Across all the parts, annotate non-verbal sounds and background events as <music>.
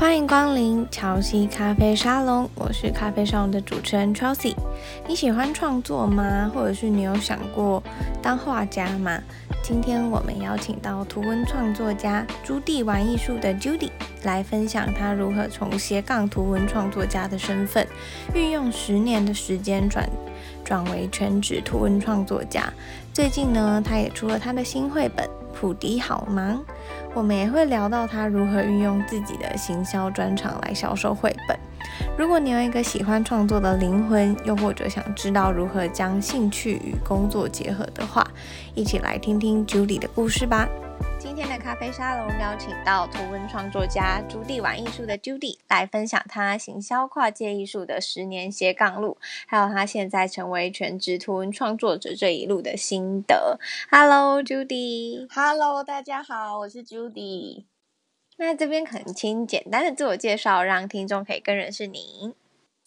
歡迎光臨喬西咖啡沙龍，我是咖啡沙龍的主持人 Chelsea。你喜歡創作嗎？或者是你有想過當畫家嗎？今天我們邀請到圖文創作家茱蒂玩藝術的 Judy 來分享她如何從斜槓圖文創作家的身份，運用十年的時間轉轉為全職圖文創作家。最近呢，他也出了他的新繪本。普迪好忙，我們也會聊到他如何運用自己的行銷專長來銷售繪本。如果你有一個喜歡創作的靈魂，又或者想知道如何將興趣與工作結合的話，一起來聽聽朱 y 的故事吧。今天的咖啡沙龍邀請到圖文創作者、朱迪玩藝術的朱 y 來分享她行銷跨界藝術的十年斜槓路，還有她現在成為全職圖文創作者這一路的心得。Hello，朱 y。Hello，大家好，我是朱 y 那這邊懇請簡單的自我介紹，讓聽眾可以更認識你。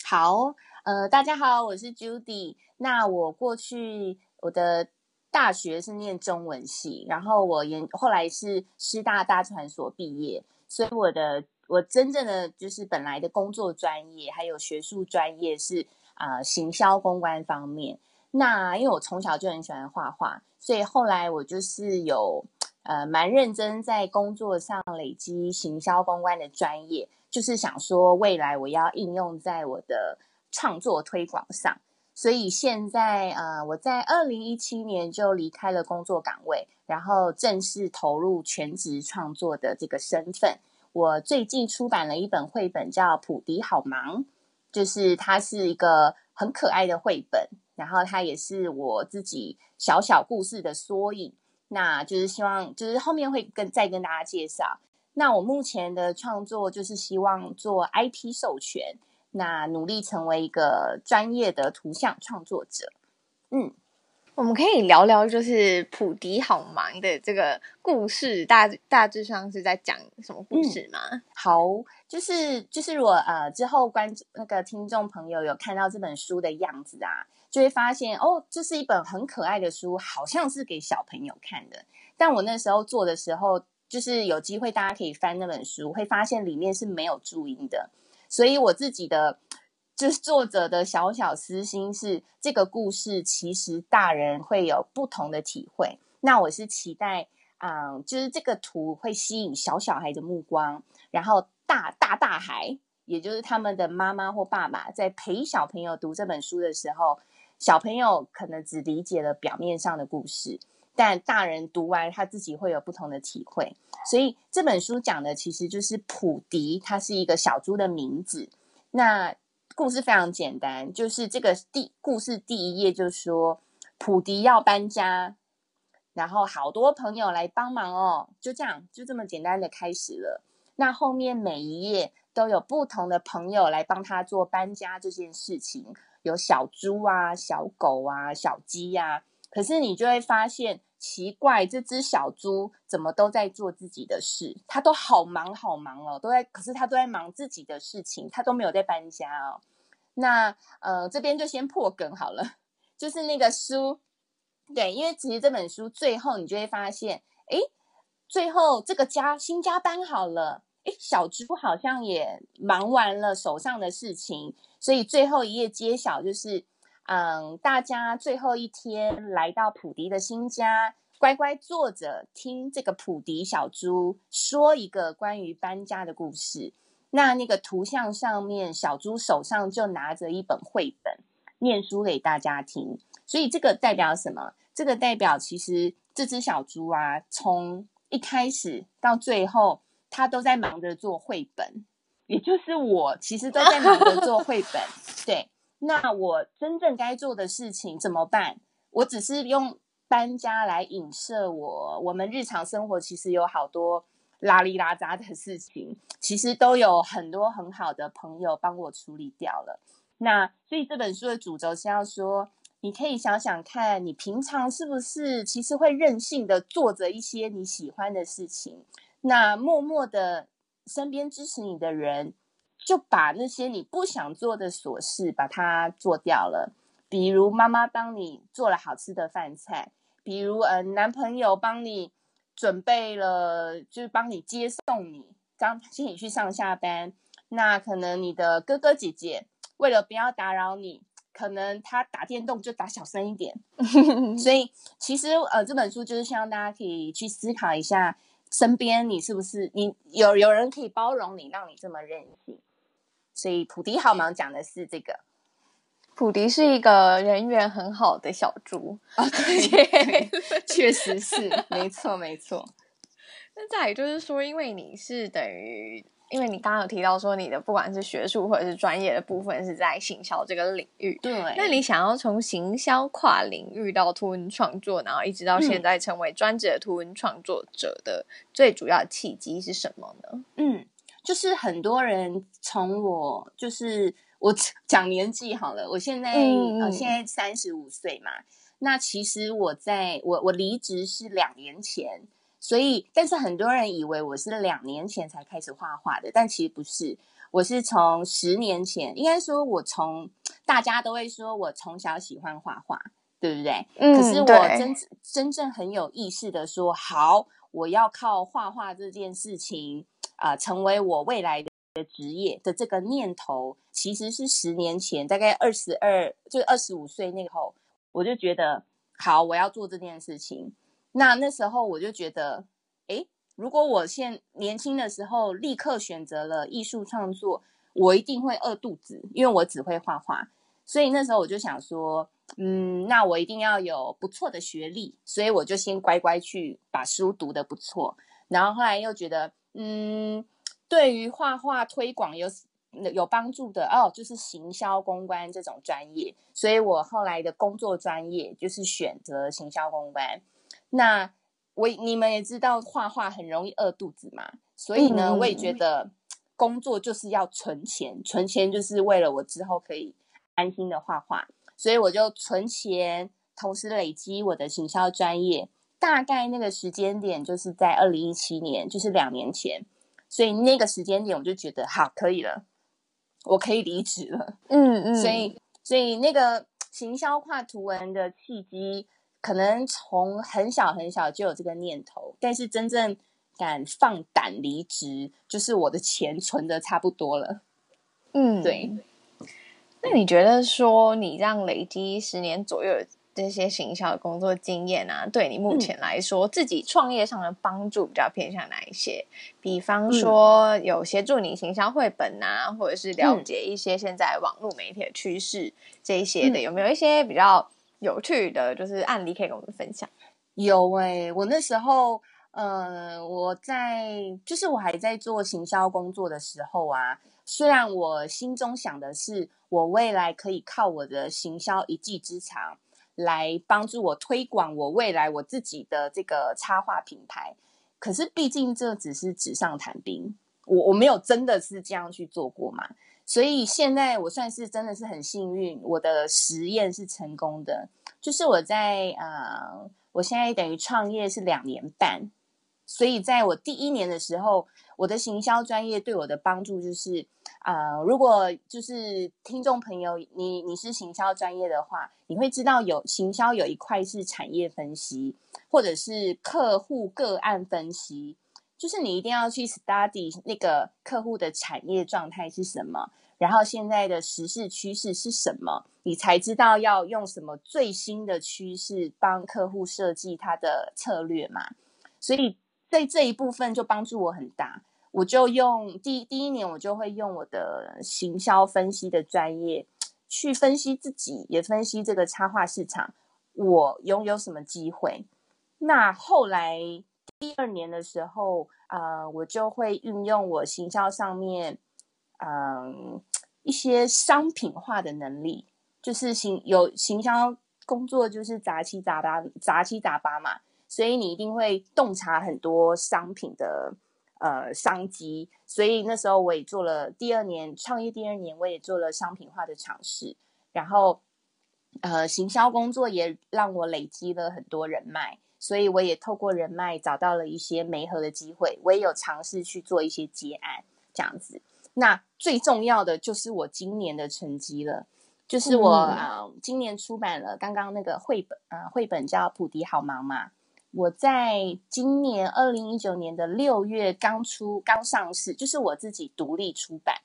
好，呃，大家好，我是 Judy。那我過去我的大學是念中文系，然後我研後來是師大大傳所畢業，所以我的我真正的就是本來的工作專業還有學術專業是啊、呃、行銷公關方面。那因為我從小就很喜歡畫畫，所以後來我就是有。呃，蠻認真在工作上累積行銷公關的專業，就是想說未來我要應用在我的創作推廣上。所以現在呃，我在二零一七年就離開了工作崗位，然後正式投入全職創作的這個身份。我最近出版了一本繪本，叫《普迪好忙》，就是它是一個很可愛的繪本，然後它也是我自己小小故事的縮影。那就是希望，就是後面會跟再跟大家介紹。那我目前的創作就是希望做 IP 授權，那努力成為一個專業的圖像創作者。嗯，我們可以聊聊就是茱蒂好忙的這個故事，大大致上是在講什麼故事嗎？嗯、好，就是就是如果呃之後關注那個聽眾朋友有看到這本書的樣子啊。就會發現哦，這是一本很可愛的書，好像是給小朋友看的。但我那時候做的時候，就是有機會大家可以翻那本書，會發現裡面是沒有注音的。所以我自己的就是作者的小小私心是，這個故事其實大人會有不同的體會。那我是期待，嗯，就是這個圖會吸引小小孩的目光，然後大大大孩，也就是他們的媽媽或爸爸，在陪小朋友讀這本書的時候。小朋友可能只理解了表面上的故事，但大人讀完他自己會有不同的體會。所以這本書講的其實就是普迪，他是一個小豬的名字。那故事非常簡單，就是這個第故事第一頁就說普迪要搬家，然後好多朋友來幫忙哦，就這樣就這麼簡單的開始了。那後面每一頁都有不同的朋友來幫他做搬家這件事情。有小豬啊，小狗啊，小雞啊，可是你就會發現奇怪，這只小豬怎麼都在做自己的事，它都好忙好忙哦，都在，可是它都在忙自己的事情，它都沒有在搬家哦。那呃，這邊就先破梗好了，就是那個書，對，因為其實這本書最後你就會發現，誒，最後這個家新家搬好了。哎，小豬好像也忙完了手上的事情，所以最後一頁揭曉，就是嗯，大家最後一天來到普迪的新家，乖乖坐着聽這個普迪小豬說一個關於搬家的故事。那那個圖像上面，小豬手上就拿着一本繪本，念書給大家聽。所以這個代表什麼？這個代表其實這隻小豬啊，從一開始到最後。他都在忙着做繪本，也就是我其實都在忙着做繪本。 <laughs> 對，那我真正該做的事情怎麼辦？我只是用搬家來影射我，我們日常生活其實有好多拉里拉雜的事情，其實都有很多很好的朋友幫我處理掉了。那所以這本書的主軸是要說，你可以想想看你平常是不是其實會任性的做着一些你喜歡的事情。那默默的身邊支持你的人，就把那些你不想做的瑣事把它做掉了。比如媽媽幫你做了好吃的飯菜，比如嗯、呃、男朋友幫你準備了，就是幫你接送你，幫接你去上下班。那可能你的哥哥姐姐為了不要打擾你，可能他打電動就打小聲一點。 <laughs> 所以其實呃這本書就是希望大家可以去思考一下。身邊你是不是你有有人可以包容你，讓你這麼任性？所以普迪好忙，講的是這個。普迪是一個人緣很好的小豬啊，哦、對， <laughs> 對，確實是沒錯 <laughs> 沒錯。沒錯那再也就是說，因為你是等於。因為你剛剛有提到說，你的不管是學術或者是專業的部分是在行銷這個領域，對。那你想要從行銷跨領域到圖文創作，然後一直到現在成為專職的圖文創作者的最主要契機是什麼呢？嗯，就是很多人從我就是我講年紀好了，我現在、嗯呃、現在三十五歲嘛。那其實我在我我離職是兩年前，所以，但是很多人以為我是兩年前才開始畫畫的，但其實不是。我是從十年前，應該說，我從大家都會說我從小喜歡畫畫，對不對？嗯，可是我真對真正很有意識的說，好，我要靠畫畫這件事情啊、呃，成為我未來的職業的這個念頭，其實是十年前，大概二十二，就二十五歲那後，我就覺得好，我要做這件事情。那那時候我就覺得，誒，如果我現年輕的時候立刻選擇了藝術創作，我一定會餓肚子，因為我只會畫畫。所以那時候我就想說，嗯，那我一定要有不錯的學歷，所以我就先乖乖去把書讀得不錯。然後後來又覺得，嗯，對於畫畫推廣有有幫助的哦，就是行銷公關這種專業。所以我後來的工作專業就是選擇行銷公關。那我你們也知道畫畫很容易餓肚子嘛，所以呢，嗯、我也覺得工作就是要存錢，存錢就是為了我之後可以安心的畫畫，所以我就存錢，同時累積我的行銷專業。大概那個時間點就是在二零一七年，就是兩年前，所以那個時間點我就覺得，好，可以了，我可以離職了。嗯嗯，嗯，所以所以那個行銷跨圖文的契機，可能從很小很小就有這個念頭，但是真正敢放膽離職，就是我的錢存的差不多了。嗯，對。那你覺得說你這樣累積十年左右這些行銷的工作經驗啊，對你目前來說，嗯、自己創業上的幫助比較偏向哪一些？比方說有協助你行銷繪本啊，嗯、或者是了解一些現在網絡媒體的趨勢這一些的，嗯、有沒有一些比較？有趣的就是案例可以跟我們分享。有欸，我那時候，嗯，我在就是我還在做行銷工作的時候啊，雖然我心中想的是我未來可以靠我的行銷一技之長來幫助我推廣我未來我自己的這個插畫品牌，可是畢竟這只是紙上談兵，我我沒有真的是這樣去做過嘛。所以現在我算是真的是很幸運，我的實驗是成功的。就是我在啊、呃，我現在等於創業是兩年半，所以在我第一年的時候，我的行銷專業對我的幫助就是啊、呃，如果就是聽眾朋友，你你是行銷專業的話，你會知道有行銷有一塊是產業分析，或者是客戶個案分析。就是你一定要去 study 那個客戶的產業狀態是什麼，然後現在的時事趨勢是什麼，你才知道要用什麼最新的趨勢幫客戶設計他的策略嘛。所以，對這一部分就幫助我很大。我就用第第一年，我就會用我的行銷分析的專業去分析自己，也分析這個插畫市場，我擁有什麼機會。那後來。第二年的時候，呃，我就會運用我行銷上面，嗯、呃，一些商品化的能力，就是行有行銷工作，就是雜七雜八，雜七雜八嘛，所以你一定會洞察很多商品的呃商機，所以那時候我也做了第二年創業第二年，我也做了商品化的嘗試，然後呃，行銷工作也讓我累積了很多人脈。所以我也透過人脈找到了一些媒合的機會，我也有嘗試去做一些接案這樣子。那最重要的就是我今年的成績了，就是我啊、呃，今年出版了剛剛那個繪本啊，繪本叫《普迪好忙》嘛。我在今年二零一九年的六月剛出剛上市，就是我自己獨立出版，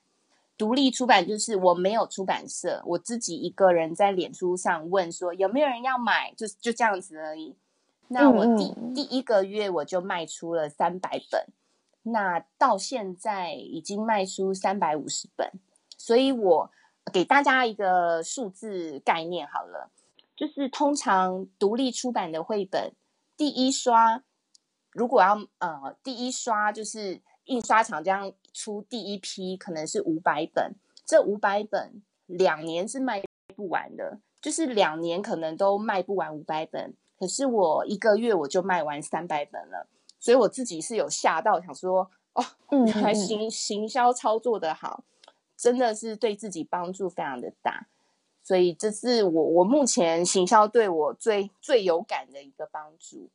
獨立出版就是我沒有出版社，我自己一個人在臉書上問說有沒有人要買，就就這樣子而已。那我第嗯、嗯、第一個月我就賣出了三百本，那到現在已經賣出三百五十本，所以我給大家一個數字概念好了，就是通常獨立出版的繪本第一刷，如果要呃、第一刷就是印刷廠這樣出第一批可能是五百本，這五百本兩年是賣不完的，就是兩年可能都賣不完五百本。可是我一個月我就賣完三百本了，所以我自己是有嚇到，想說哦，原來行行銷操作的好，真的是對自己幫助非常的大，所以這是我我目前行銷對我最最有感的一個幫助。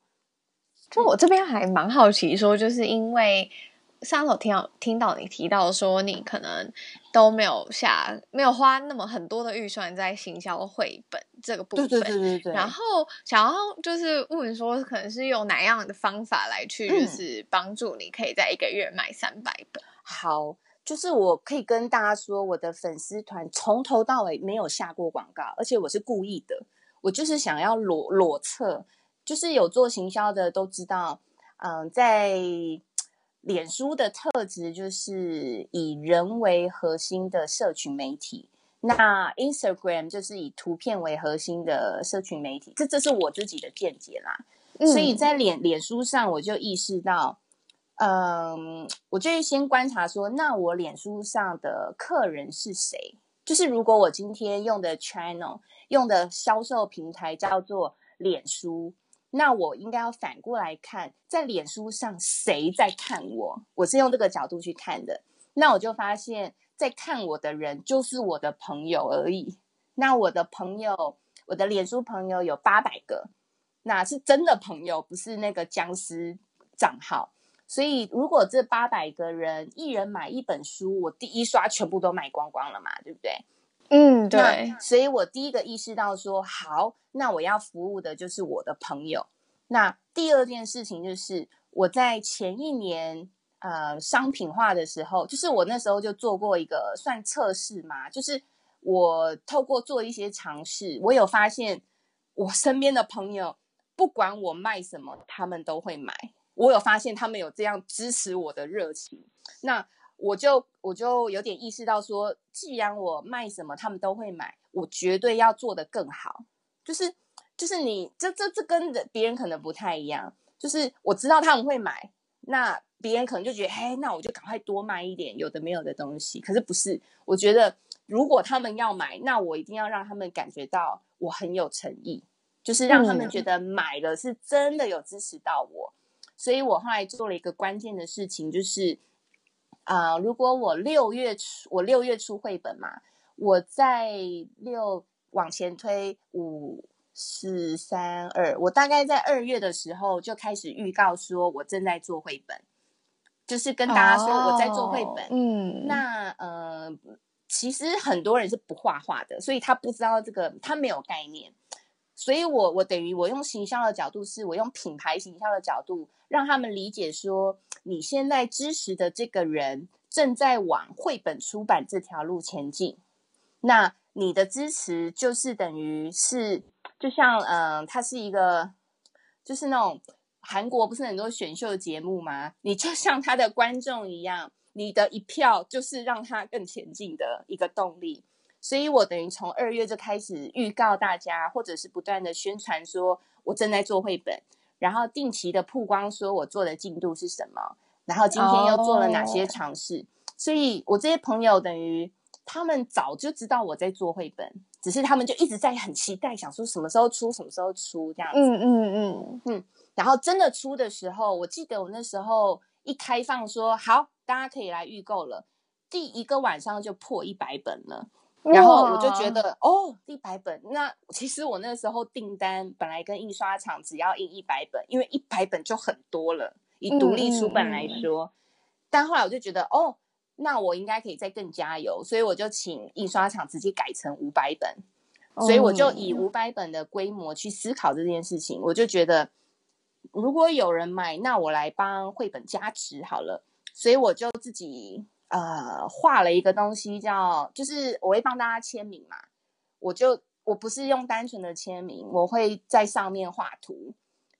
就我這邊還蠻好奇說，就是因為。上次聽到聽到你提到說，你可能都沒有下沒有花那麼很多的預算在行銷繪本這個部分。對對對，對，對，對，然後想要就是問說，可能是用哪樣的方法來去就是幫助你可以在一個月賣三百本？嗯，好，就是我可以跟大家說，我的粉絲團從頭到尾沒有下過廣告，而且我是故意的，我就是想要裸裸測。就是有做行銷的都知道，嗯，在。臉書的特質就是以人為核心的社群媒體，那 Instagram 就是以圖片為核心的社群媒體，這這是我自己的見解啦。嗯，所以在臉臉書上，我就意識到，嗯，我就先觀察說，那我臉書上的客人是誰？就是如果我今天用的 channel 用的銷售平台叫做臉書。那我應該要反過來看，在臉書上誰在看我？我是用這個角度去看的。那我就發現，在看我的人就是我的朋友而已。那我的朋友，我的臉書朋友有八百個，那是真的朋友，不是那個僵屍賬號。所以，如果這八百個人一人買一本書，我第一刷全部都買光光了嘛，對不對？嗯，對，所以我第一個意識到說，好，那我要服務的就是我的朋友。那第二件事情就是，我在前一年，呃，商品化的時候，就是我那時候就做過一個算測試嘛，就是我透過做一些嘗試，我有發現我身邊的朋友，不管我賣什麼，他們都會買。我有發現他們有這樣支持我的熱情。那我就我就有點意識到說，說既然我賣什麼他們都會買，我絕對要做得更好。就是就是你這這這跟別人可能不太一樣，就是我知道他們會買，那別人可能就覺得，嘿，那我就趕快多賣一點有的沒有的東西。可是不是，我覺得如果他們要買，那我一定要讓他們感覺到我很有誠意，就是讓他們覺得買了是真的有支持到我。嗯。所以我後來做了一個關鍵的事情，就是。啊，uh, 如果我六月初，我六月出繪本嘛，我在六往前推五四三二，我大概在二月的時候就開始預告說，我正在做繪本，就是跟大家說我在做繪本。Oh, 那嗯，那呃，其實很多人是不畫畫的，所以他不知道這個，他沒有概念。所以我，我我等於我用形象的角度，是我用品牌形象的角度，讓他們理解說，你現在支持的這個人正在往繪本出版這條路前進，那你的支持就是等於是，就像嗯、呃，他是一個，就是那種韓國不是很多選秀節目嗎？你就像他的觀眾一樣，你的一票就是讓他更前進的一個動力。所以我等於從二月就開始預告大家，或者是不斷的宣傳，說我正在做繪本，然後定期的曝光，說我做的進度是什麼，然後今天又做了哪些嘗試。Oh. 所以，我這些朋友等於他們早就知道我在做繪本，只是他們就一直在很期待，想說什麼時候出，什麼時候出這樣子。嗯。嗯嗯嗯嗯。然後真的出的時候，我記得我那時候一開放說好，大家可以來預購了，第一個晚上就破一百本了。然後我就覺得，Wow. 哦，一百本，那其實我那時候訂單本來跟印刷廠只要印一百本，因為一百本就很多了，以獨立書本來說。Mm hmm. 但後來我就覺得，哦，那我應該可以再更加油，所以我就請印刷廠直接改成五百本，mm hmm. 所以我就以五百本的規模去思考這件事情，我就覺得，如果有人買，那我來幫繪本加持好了，所以我就自己。呃，畫了一個東西叫，就是我會幫大家簽名嘛，我就我不是用單純的簽名，我會在上面畫圖。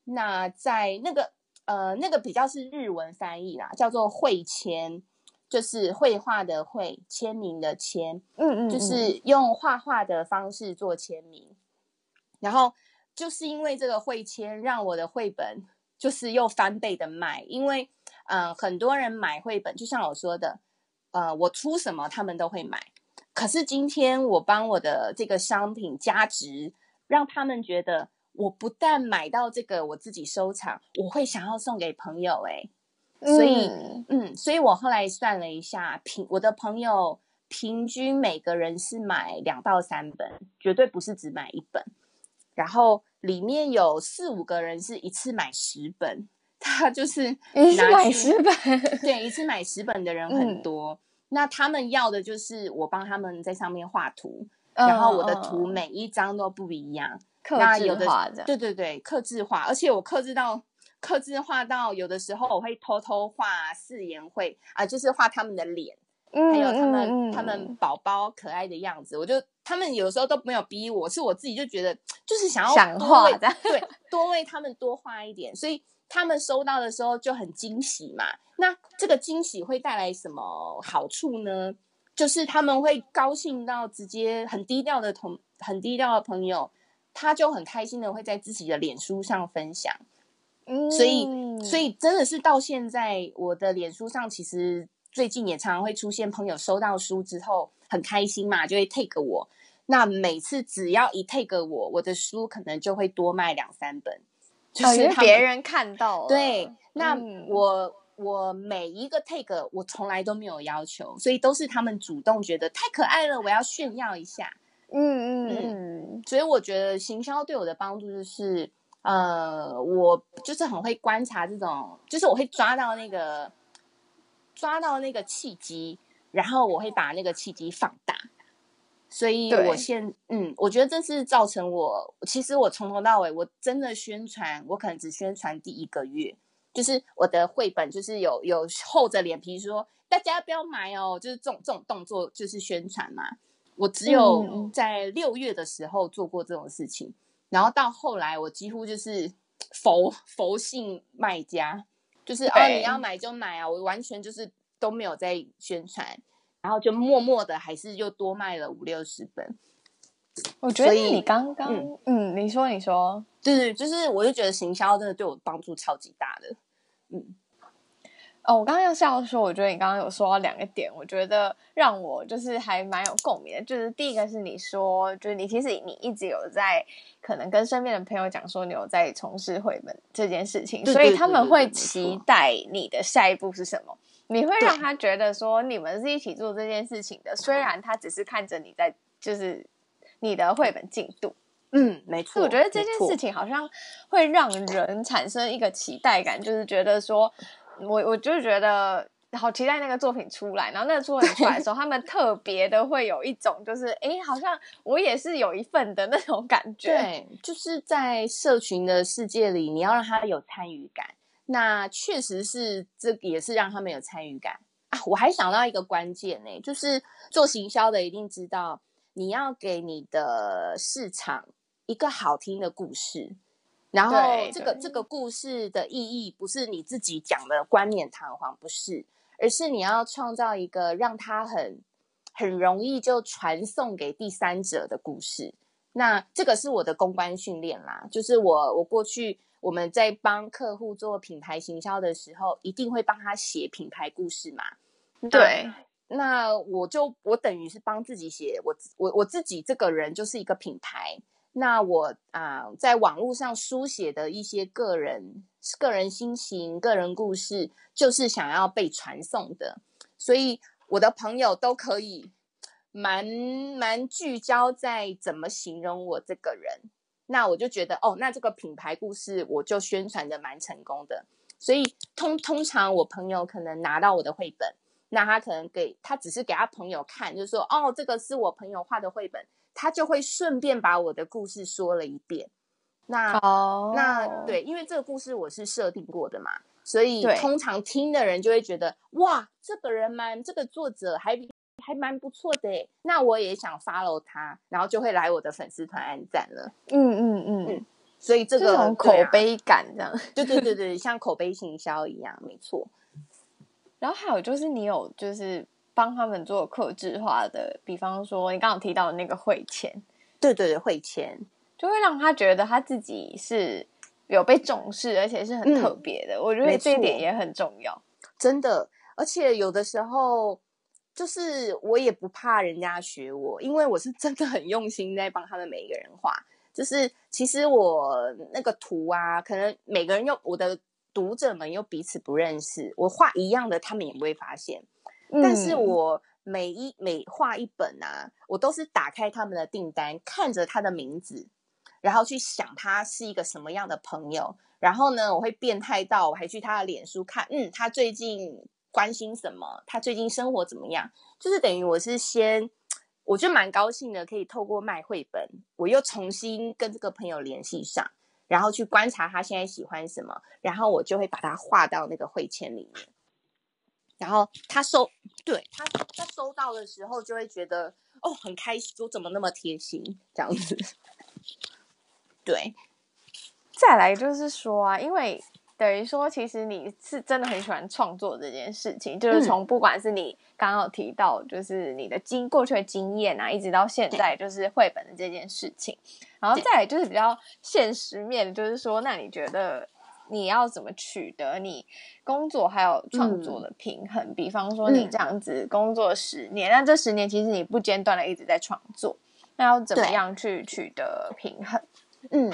那在那個呃，那個比較是日文翻譯啦，叫做“繪簽”，就是繪畫的繪，簽名的簽，嗯，嗯嗯，就是用畫畫的方式做簽名。然後就是因為這個繪簽，讓我的繪本就是又翻倍的賣，因為嗯、呃，很多人買繪本，就像我說的。呃，我出什麼他們都會買。可是今天我幫我的這個商品加值，讓他們覺得我不但買到這個我自己收藏，我會想要送給朋友欸。哎，所以，嗯，嗯，所以我後來算了一下，平我的朋友平均每個人是買兩到三本，絕對不是只買一本。然後裡面有四五個人是一次買十本。他就是一次買十本，對一次買十本的人很多。嗯、那他們要的就是我幫他們在上面畫圖，嗯、然後我的圖每一張都不一樣，客製化的、那個。對對對，客製化。而且我客製到客製化到有的時候我會偷偷畫四言會啊，就是畫他們的臉，嗯、還有他們、嗯、他們寶寶可愛的樣子。我就他們有時候都沒有逼我，是我自己就覺得就是想要多為想畫的對多為他們多畫一點，所以。他們收到的時候就很驚喜嘛，那這個驚喜會帶來什麼好處呢？就是他們會高興到直接很低調的同很低調的朋友，他就很開心的會在自己的臉書上分享。嗯，所以所以真的是到現在，我的臉書上其實最近也常常會出現朋友收到書之後很開心嘛，就會 take 我。那每次只要一 take 我，我的書可能就會多賣兩三本。就是、啊、別人看到對，嗯、那我我每一個 take 我從來都沒有要求，所以都是他們主動覺得太可愛了，我要炫耀一下。嗯嗯嗯，嗯所以我覺得行銷對我的幫助就是，呃，我就是很會觀察這種，就是我會抓到那個抓到那個契機，然後我會把那個契機放大。所以我，我現對嗯，我覺得這是造成我，其實我從頭到尾，我真的宣傳，我可能只宣傳第一個月，就是我的繪本，就是有有厚着臉皮說大家不要買哦，就是這種這種動作就是宣傳嘛。我只有在六月的時候做過這種事情，嗯、然後到後來我幾乎就是佛佛系賣家，就是啊對、哦、你要買就買啊，我完全就是都沒有在宣傳。然後就默默的，還是又多賣了五六十本。我覺得你剛剛，嗯，嗯，你說你說，對對，就是，我就覺得行銷真的對我幫助超級大的。嗯，哦，我剛剛又要笑說，我覺得你剛剛有說到兩個點，我覺得讓我就是還蠻有共鳴的。就是第一個是你說，就是你其實你一直有在可能跟身邊的朋友講說，你有在從事繪本這件事情，對對對對對，所以他們會期待你的下一步是什麼？你會讓他覺得說你們是一起做這件事情的，對雖然他只是看着你在，就是你的繪本進度。嗯，沒錯。我覺得這件事情好像會讓人產生一個期待感，沒錯就是覺得說，我我就是覺得好期待那個作品出來。然後那個作品出來的時候，對他們特別的會有一種就是，哎、欸，好像我也是有一份的那種感覺。對，就是在社群的世界裡，你要讓他有參與感。那確實是，這也是讓他們有參與感啊。我還想到一個關鍵呢，欸，就是做行銷的一定知道，你要給你的市場一個好聽的故事，然後這個這個故事的意義不是你自己講的冠冕堂皇，不是，而是你要創造一個讓他很很容易就傳送給第三者的故事。那這個是我的公關訓練啦，就是我我過去。我們在幫客戶做品牌行銷的時候，一定會幫他寫品牌故事嘛？對，對，那我就我等於是幫自己寫，我我我自己這個人就是一個品牌。那我啊，在網絡上書寫的一些個人、個人心情、個人故事，就是想要被傳送的。所以我的朋友都可以，蠻蠻聚焦在怎麼形容我這個人。那我就覺得哦，那這個品牌故事我就宣傳的蠻成功的。所以通通常我朋友可能拿到我的繪本，那他可能給他只是給他朋友看，就是說哦，這個是我朋友畫的繪本，他就會順便把我的故事說了一遍。那哦，oh. 那對，因為這個故事我是設定過的嘛，所以對通常聽的人就會覺得哇，這個人蠻這個作者還比。還蠻不錯的，欸，那我也想 follow 他，然後就會來我的粉絲團按讚了。嗯嗯嗯，嗯嗯嗯，所以這個很口碑感這樣。對對對，像口碑行銷一樣，沒錯。然後還有就是，你有就是幫他們做客制化的，比方說你剛剛提到的那個會簽，對對對，會簽就會讓他覺得他自己是有被重視，而且是很特別的。嗯，我覺得這一點也很重要，沒錯，真的。而且有的時候。就是我也不怕人家學我，因為我是真的很用心在幫他們每一個人畫。就是其實我那個圖啊，可能每個人又我的讀者們又彼此不認識，我畫一樣的他們也不會發現。嗯。但是我每一每畫一本啊，我都是打開他們的訂單，看着他的名字，然後去想他是一個什麼樣的朋友。然後呢，我會變態到我還去他的臉書看，嗯，他最近。關心什麼？他最近生活怎麼樣？就是等於我是先，我就蠻高興的，可以透過賣繪本，我又重新跟這個朋友聯繫上，然後去觀察他現在喜歡什麼，然後我就會把它畫到那個繪籤裡面，然後他收，對，他他收到的時候就會覺得哦很開心，我怎麼那麼貼心這樣子？對，再來就是說啊，因為。等於說，其實你是真的很喜歡創作這件事情，就是從不管是你剛剛有提到，就是你的經過去的經驗啊，一直到現在就是繪本的這件事情，然後再來就是比較現實面，就是說，那你覺得你要怎麼取得你工作還有創作的平衡？嗯、比方說，你這樣子工作十年，嗯、那這十年其實你不間斷的一直在創作，那要怎麼樣去取得平衡？對嗯，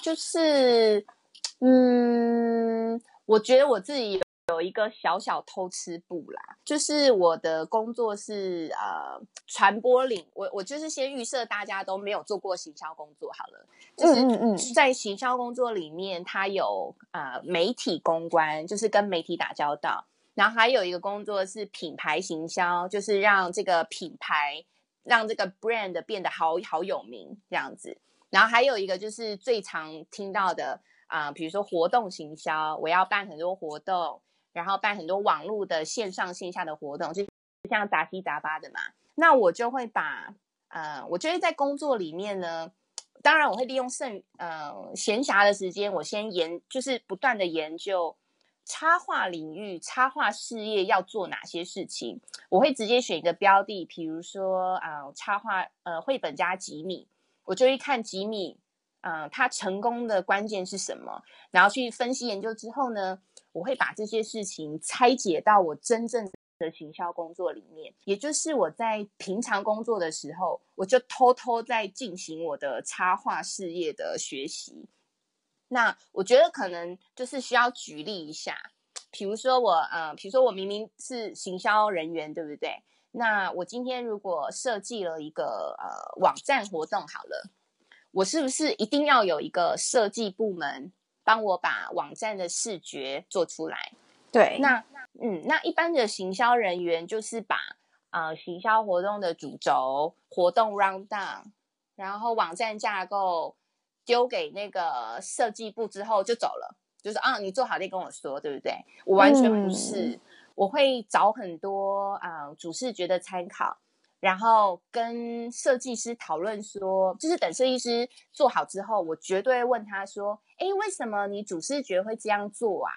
就是。嗯，我覺得我自己有一個小小偷吃步啦，就是我的工作是呃傳播領，我我就是先預設大家都沒有做過行銷工作好了，就是嗯嗯，在行銷工作裡面，它，有啊、呃、媒體公關，就是跟媒體打交道，然後還有一個工作是品牌行銷，就是讓這個品牌，讓這個 brand 變得好好有名這樣子，然後還有一個就是最常聽到的。啊、呃，比如說活動行銷，我要辦很多活動，然後辦很多網絡的線上線下的活動，就這樣雜七雜八的嘛。那我就會把，呃，我就會在工作裡面呢，當然我會利用剩呃閒暇的時間，我先研，就是不斷的研究插畫領域、插畫事業要做哪些事情。我會直接選一個標的，比如說啊、呃，插畫呃繪本家幾米，我就會看幾米。嗯，他成功的關鍵是什麼？然後去分析研究之後呢，我會把這些事情拆解到我真正的行銷工作裡面，也就是我在平常工作的時候，我就偷偷在進行我的插畫事業的學習。那我覺得可能就是需要舉例一下，比如說我，呃，比如說我明明是行銷人員，對不對？那我今天如果設計了一個，呃，網站活動，好了。我是不是一定要有一個設計部門幫我把網站的視覺做出來？對，那，那嗯，那一般的行銷人員就是把啊、呃、行銷活動的主軸、活動 run down，然後網站架構丟給那個設計部之後就走了，就是啊，你做好了跟我說，對不對？我完全不是，嗯、我會找很多啊、呃、主視覺的參考。然後跟設計師討論說，就是等設計師做好之後，我絕對問他說：“哎，為什麼你主視覺會這樣做啊？”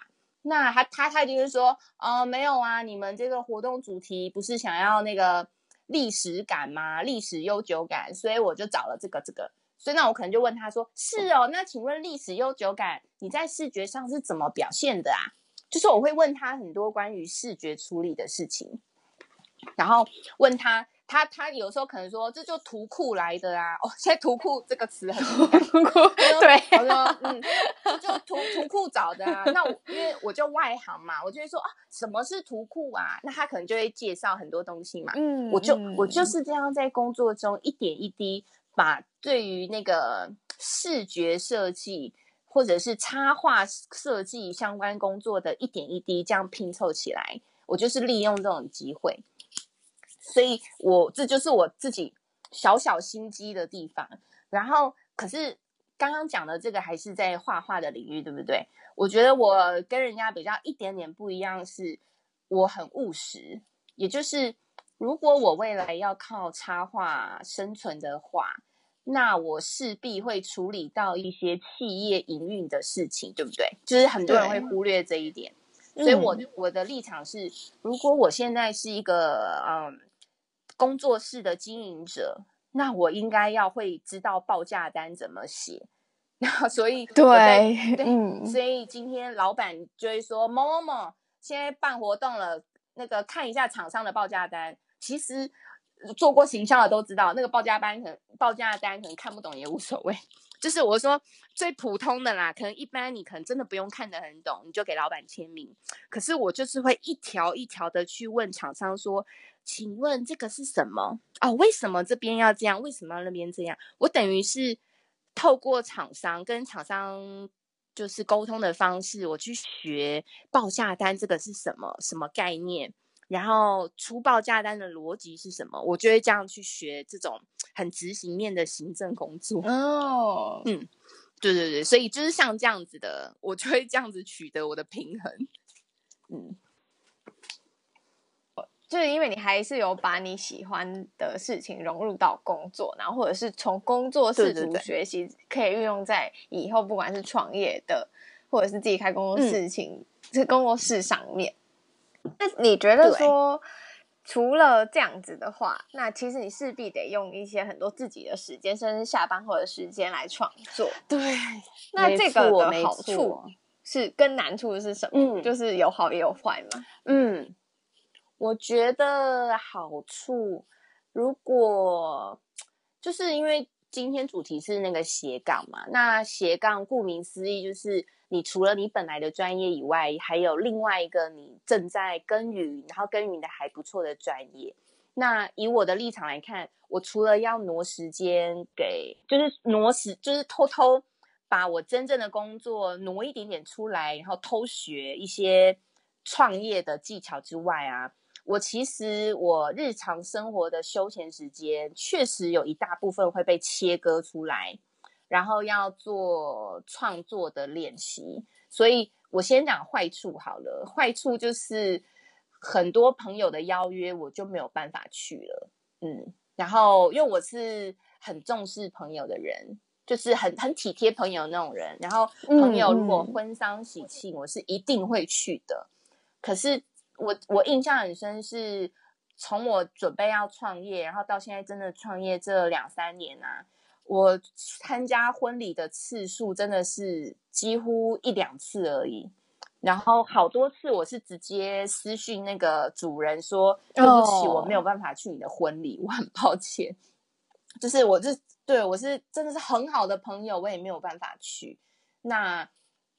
那他他他就是說：“哦、呃，沒有啊，你們這個活動主題不是想要那個歷史感嗎？歷史悠久感，所以我就找了這個這個。”所以那我可能就問他說：“是哦，那請問歷史悠久感你在視覺上是怎麼表現的啊？”就是我會問他很多關於視覺處理的事情，然後問他。他他有時候可能說，這就圖庫來的啊，哦，現在圖庫這個詞很多，對，我說嗯， <laughs> 就圖圖庫找的啊。那我因為我就外行嘛，我就會說啊，什麼是圖庫啊？那他可能就會介紹很多東西嘛。嗯，我就我就是這樣在工作中一點一滴把對於那個視覺設計或者是插畫設計相關工作的一點一滴這樣拼湊起來，我就是利用這種機會。所以我，我這就是我自己小小心機的地方。然後，可是剛剛講的這個還是在畫畫的領域，對不對？我覺得我跟人家比較一點點不一樣，是我很務實。也就是，如果我未來要靠插畫生存的話，那我勢必會處理到一些企業營運的事情，對不對？就是很多人會忽略這一點。嗯，所以我的，我的立場是，如果我現在是一個嗯。工作室的經營者，那我應該要會知道報價單怎麼寫，然 <laughs> 後所以對，對對嗯，所以今天老闆就會說：“某某某，現在辦活動了，那個看一下廠商的報價單。”其實做過行銷的都知道，那個報價單可能報價單可能看不懂也無所謂。就是我就說最普通的啦，可能一般你可能真的不用看得很懂，你就給老闆簽名。可是我就是會一條一條的去問廠商說。請問這個是什麼？哦，為什麼這邊要這樣？為什麼要那邊這樣？我等於是透過廠商跟廠商就是溝通的方式，我去學報價單這個是什麼什麼概念，然後出報價單的邏輯是什麼？我就會這樣去學這種很執行面的行政工作。哦，oh. 嗯，對對對，所以就是像這樣子的，我就會這樣子取得我的平衡。嗯。就是因為你還是有把你喜歡的事情融入到工作，然後或者是從工作室中學習，可以運用在以後不管是創業的，或者是自己開工作室情，這、嗯、工作室上面。那你覺得說，對除了這樣子的話，那其實你勢必得用一些很多自己的時間，甚至下班後的時間來創作。 <laughs> 對，那這個的好處是跟難處是什麼？嗯、就是有好也有壞嘛。嗯。我覺得好處，如果就是因為今天主題是那個斜槓嘛，那斜槓顧名思義就是你除了你本來的專業以外，還有另外一個你正在耕耘，然後耕耘的還不錯的專業。那以我的立場來看，我除了要挪時間給，就是挪時，就是偷偷把我真正的工作挪一點點出來，然後偷學一些創業的技巧之外啊。我其實我日常生活的休閒時間確實有一大部分會被切割出來，然後要做創作的練習。所以，我先講壞處好了。壞處就是很多朋友的邀約我就沒有辦法去了。嗯，然後因為我是很重視朋友的人，就是很很體貼朋友那種人。然後朋友如果婚喪喜慶，我是一定會去的。可是，我我印象很深，是從我準備要創業，然後到現在真的創業這兩三年啊，我參加婚禮的次數真的是幾乎一兩次而已。然後好多次我是直接私訊那個主人說，oh. 對不起，我沒有辦法去你的婚禮，我很抱歉。就是我就，就對，我是真的是很好的朋友，我也沒有辦法去。那。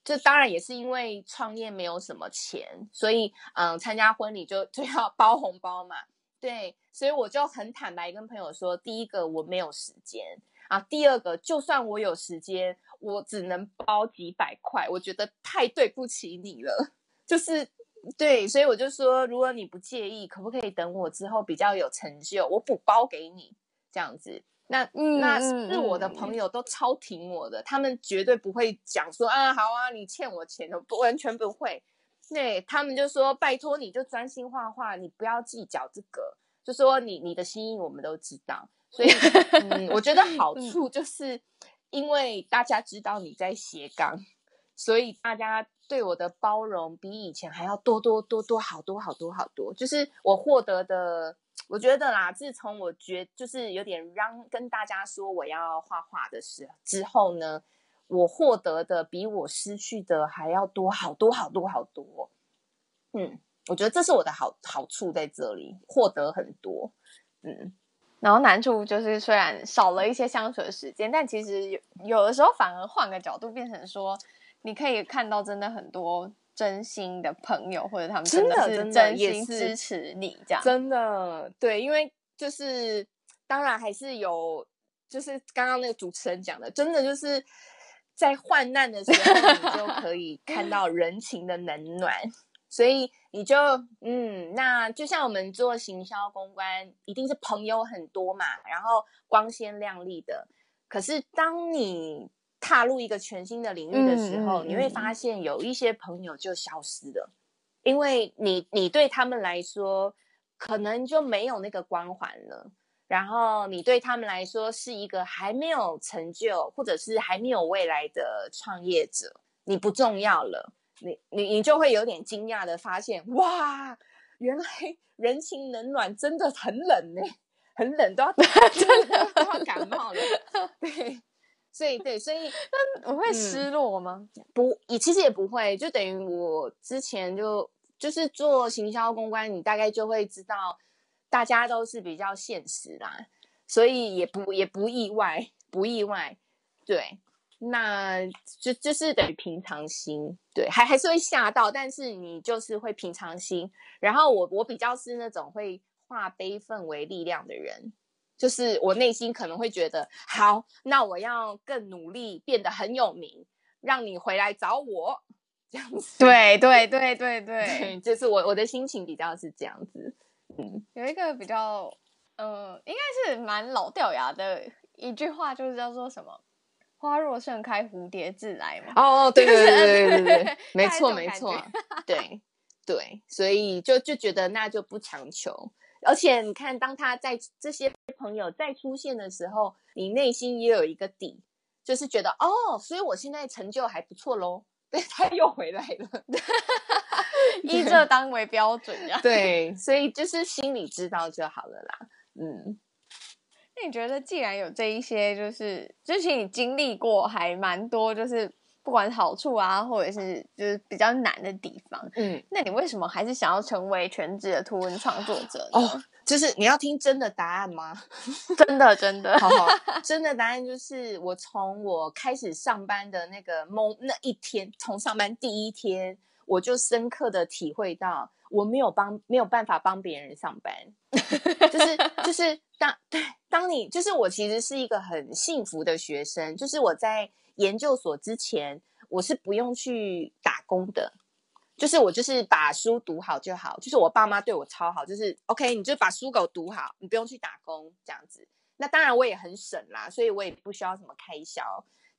這當然也是因為創業沒有什麼錢，所以嗯，參加婚禮就就要包紅包嘛。對，所以我就很坦白跟朋友說，第一個我沒有時間啊，第二個就算我有時間，我只能包幾百塊，我覺得太對不起你了。就是對，所以我就說，如果你不介意，可不可以等我之後比較有成就，我補包給你這樣子。那那是我的朋友都超挺我的，嗯、他們絕對不會講說啊，好啊，你欠我錢的，不，完全不會。那他們就說拜托你就專心畫畫，你不要計較這個。就說你你的心意我們都知道，所以、嗯、 <laughs> 我覺得好處就是因為大家知道你在斜槓，所以大家對我的包容比以前還要多多多多好多好多好多，就是我獲得的。我覺得啦，自從我覺就是有點嚷跟大家說我要畫畫的事之後呢，我獲得的比我失去的還要多好多好多好多。嗯，我覺得這是我的好好處在這裡，獲得很多。嗯，然後難處就是雖然少了一些相處的時間，但其實有有的時候反而換個角度變成說，你可以看到真的很多。真心的朋友或者他們真的是，真的，真的，真心也是支持你這樣，真的對，因為就是當然還是有，就是剛剛那個主持人講的，真的就是在患難的時候，你就可以看到人情的冷暖， <laughs> 所以你就嗯，那就像我們做行銷公關，一定是朋友很多嘛，然後光鮮亮麗的，可是當你，踏入一個全新的領域的時候，嗯、你會發現有一些朋友就消失了，嗯、因為你你對他們來說可能就沒有那個光環了，然後你對他們來說是一個還沒有成就或者是還沒有未來的創業者，你不重要了，你你你就會有點驚訝的發現，哇，原來人情冷暖真的很冷呢、欸，很冷都要 <laughs> <laughs> 都要感冒了， <laughs> 對。所以，對，所以，那 <laughs> 我會失落嗎？嗯，不，也其實也不會，就等於我之前就就是做行銷公關，你大概就會知道，大家都是比較現實啦，所以也不也不意外，不意外。對，那就就是等於平常心，對，還還是會嚇到，但是你就是會平常心。然後我我比較是那種會化悲憤為力量的人。就是我內心可能會覺得，好，那我要更努力，變得很有名，讓你回來找我，這樣子。對對對對對，對對對對 <laughs> 就是我我的心情比較是這樣子。嗯，有一個比較，嗯、呃，應該是蠻老掉牙的一句話，就是叫做什麼“花若盛開，蝴蝶自來”嘛。哦對對對對對對對，沒錯 <laughs> 沒錯，沒錯 <laughs> 對對，所以就就覺得那就不強求。而且你看，當他在這些朋友再出現的時候，你內心也有一個底，就是覺得哦，所以我現在成就還不錯嘍。對，他又回來了， <laughs> 以這當為標準呀、啊。對，所以就是心裡知道就好了啦。嗯，那你覺得，既然有這一些、就是，就是之前你經歷過還蠻多，就是。不管好處啊，或者是就是比較難的地方，嗯，那你為什麼還是想要成為全職的圖文創作者呢？哦，就是你要聽真的答案嗎？ <laughs> 真的，真的好好，真的答案就是我從我開始上班的那個某那一天，從上班第一天，我就深刻的體會到，我沒有幫沒有辦法幫別人上班， <laughs> 就是就是當 <laughs> 對。當你就是我，其實是一個很幸福的學生。就是我在研究所之前，我是不用去打工的。就是我就是把書讀好就好。就是我爸媽對我超好，就是 OK，你就把書給我讀好，你不用去打工這樣子。那當然我也很省啦，所以我也不需要什麼開銷。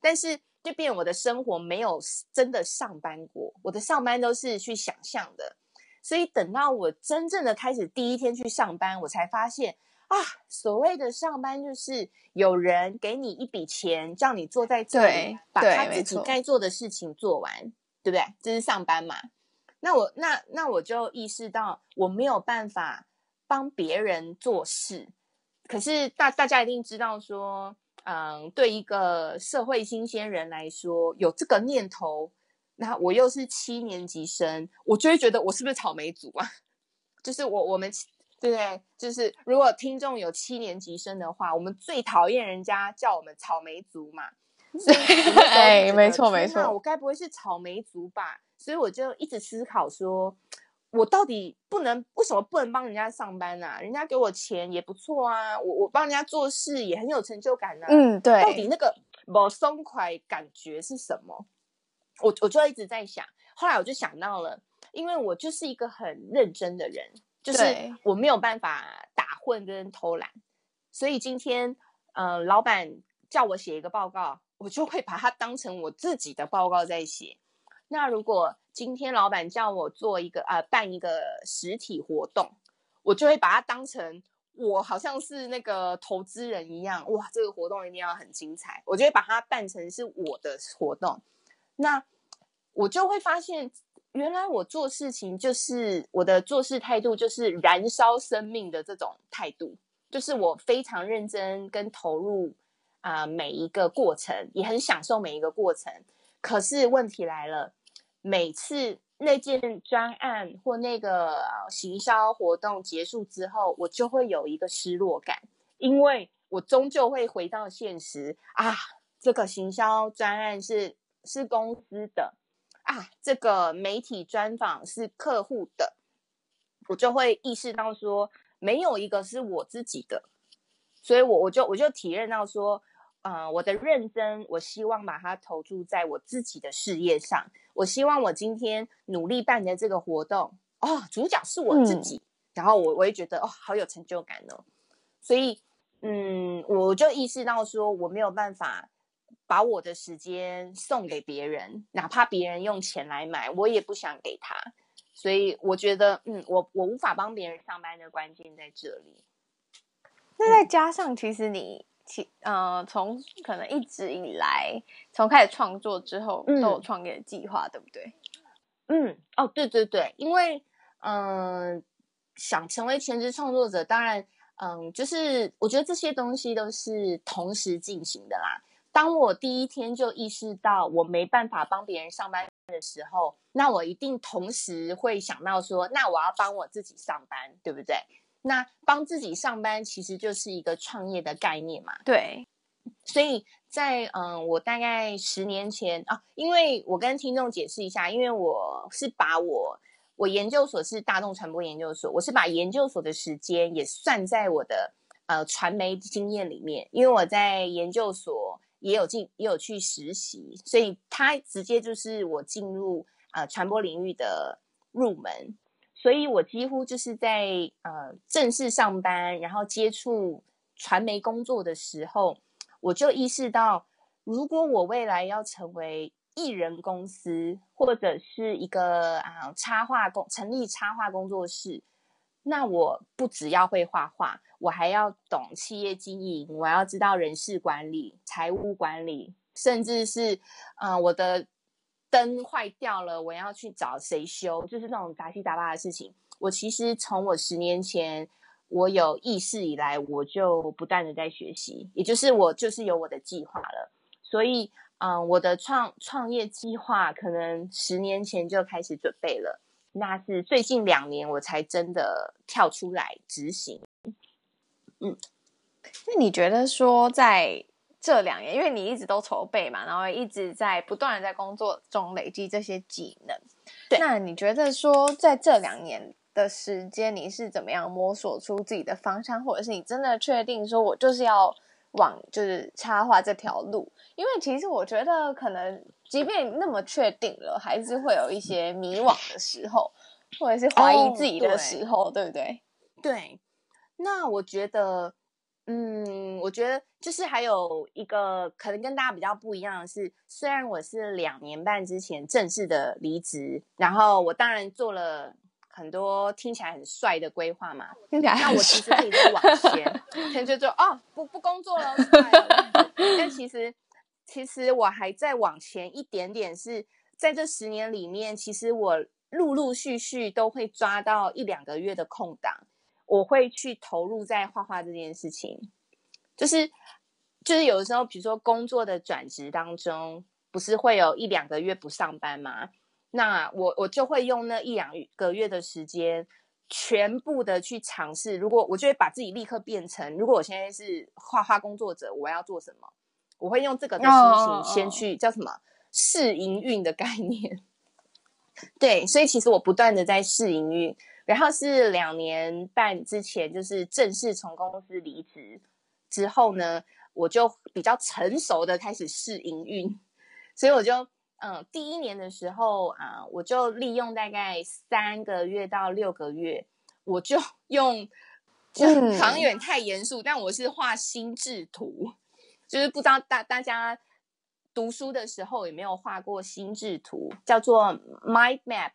但是就變成我的生活沒有真的上班過，我的上班都是去想象的。所以等到我真正的開始第一天去上班，我才發現。啊，所謂的上班就是有人給你一筆錢，叫你坐在這裡，把他自己該做的事情做完，對，對，對不對？這、就是上班嘛。那我那那我就意識到我沒有辦法幫別人做事。可是大大家一定知道說，嗯，對一個社會新鮮人來說，有這個念頭，那我又是七年級生，我就會覺得我是不是草莓族啊？就是我我們。對對，就是如果聽眾有七年級生的話，我們最討厭人家叫我們草莓族嘛。對、 <laughs> 哎，沒錯沒錯。我該不會是草莓族吧？所以我就一直思考說，我到底不能為什麼不能幫人家上班呢？啊？人家給我錢也不錯啊，我我幫人家做事也很有成就感啊。嗯，對。到底那個不松快感覺是什麼？我我就一直在想，後來我就想到了，因為我就是一個很認真的人。就對是我沒有辦法打混跟偷懶，所以今天呃，老闆叫我寫一個報告，我就會把它當成我自己的報告在寫。那如果今天老闆叫我做一個呃辦一個實體活動，我就會把它當成我好像是那個投資人一樣，哇，這個活動一定要很精彩，我就會把它辦成是我的活動，那我就會發現。原來我做事情就是我的做事態度就是燃燒生命的這種態度，就是我非常認真跟投入啊，每一個過程也很享受每一個過程。可是問題來了，每次那件專案或那個行銷活動結束之後，我就會有一個失落感，因為我終究會回到現實啊。這個行銷專案是是公司的。啊，這個媒體專訪是客戶的，我就會意識到說，沒有一個是我自己的，所以我我就我就體認到說，嗯、呃，我的認真，我希望把它投注在我自己的事業上，我希望我今天努力辦的這個活動，哦，主角是我自己，嗯、然後我我也覺得哦，好有成就感哦，所以，嗯，我就意識到說，我沒有辦法。把我的時間送給別人，哪怕別人用錢來買，我也不想給他。所以我覺得，嗯，我我無法幫別人上班的關鍵在這裡。那再加上，其實你其、嗯、呃，從可能一直以來，從開始創作之後都有創業計劃，嗯、對不對？嗯，哦，對對對，因為嗯、呃，想成為全職創作者，當然，嗯、呃，就是我覺得這些東西都是同時進行的啦。當我第一天就意識到我沒辦法幫別人上班的時候，那我一定同時會想到說，那我要幫我自己上班，對不對？那幫自己上班其實就是一個創業的概念嘛。對，所以在嗯、呃，我大概十年前啊，因為我跟聽眾解釋一下，因為我是把我我研究所是大眾傳播研究所，我是把研究所的時間也算在我的呃傳媒經驗裡面，因為我在研究所。也有進，也有去實習，所以他直接就是我進入啊、呃、傳播領域的入門。所以我幾乎就是在呃正式上班，然後接觸傳媒工作的時候，我就意識到，如果我未來要成為一人公司，或者是一個啊、呃、插畫工，成立插畫工作室。那我不只要會畫畫，我還要懂企業經營，我要知道人事管理、財務管理，甚至是，嗯、呃，我的燈壞掉了，我要去找誰修，就是那種雜七雜八的事情。我其實從我十年前我有意識以來，我就不斷的在學習，也就是我就是有我的計劃了。所以，嗯、呃，我的創創業計劃可能十年前就開始準備了。那是最近兩年我才真的跳出來執行。嗯，那你覺得說在這兩年，因為你一直都籌備嘛，然後一直在不斷的在工作中累積這些技能。對，那你覺得說在這兩年的時間，你是怎麼樣摸索出自己的方向，或者是你真的確定說我就是要往就是插畫這條路？因為其實我覺得，可能即便那麼確定了，還是會有一些迷惘的時候，或者是懷疑自己的時候，哦、對，對不對？對。那我覺得，嗯，我覺得就是還有一個可能跟大家比較不一樣的是，雖然我是兩年半之前正式的離職，然後我當然做了很多聽起來很帥的規劃嘛，聽起來很帥。那我其實自己都往前， <laughs> 前就做哦，不不工作了，帥 <laughs> 但其實。其實我還在往前一點點，是在這十年裡面，其實我陸陸續續都會抓到一兩個月的空檔，我會去投入在畫畫這件事情。就是，就是有的時候，比如說工作的轉職當中，不是會有一兩個月不上班嗎？那我我就會用那一兩個月的時間，全部的去嘗試。如果我就會把自己立刻變成，如果我現在是畫畫工作者，我要做什麼？我會用這個的心情先去 oh, oh, oh. 叫什麼試營運的概念。 <laughs> 對，所以其實我不斷的在試營運，然後是兩年半之前，就是正式從公司離職之後呢，我就比較成熟的開始試營運，所以我就嗯，第一年的時候啊、呃，我就利用大概三個月到六個月，我就用，就很長遠，太嚴肅，嗯、但我是畫心智圖。就是不知道大大家讀書的時候有沒有畫過心智圖，叫做 mind map。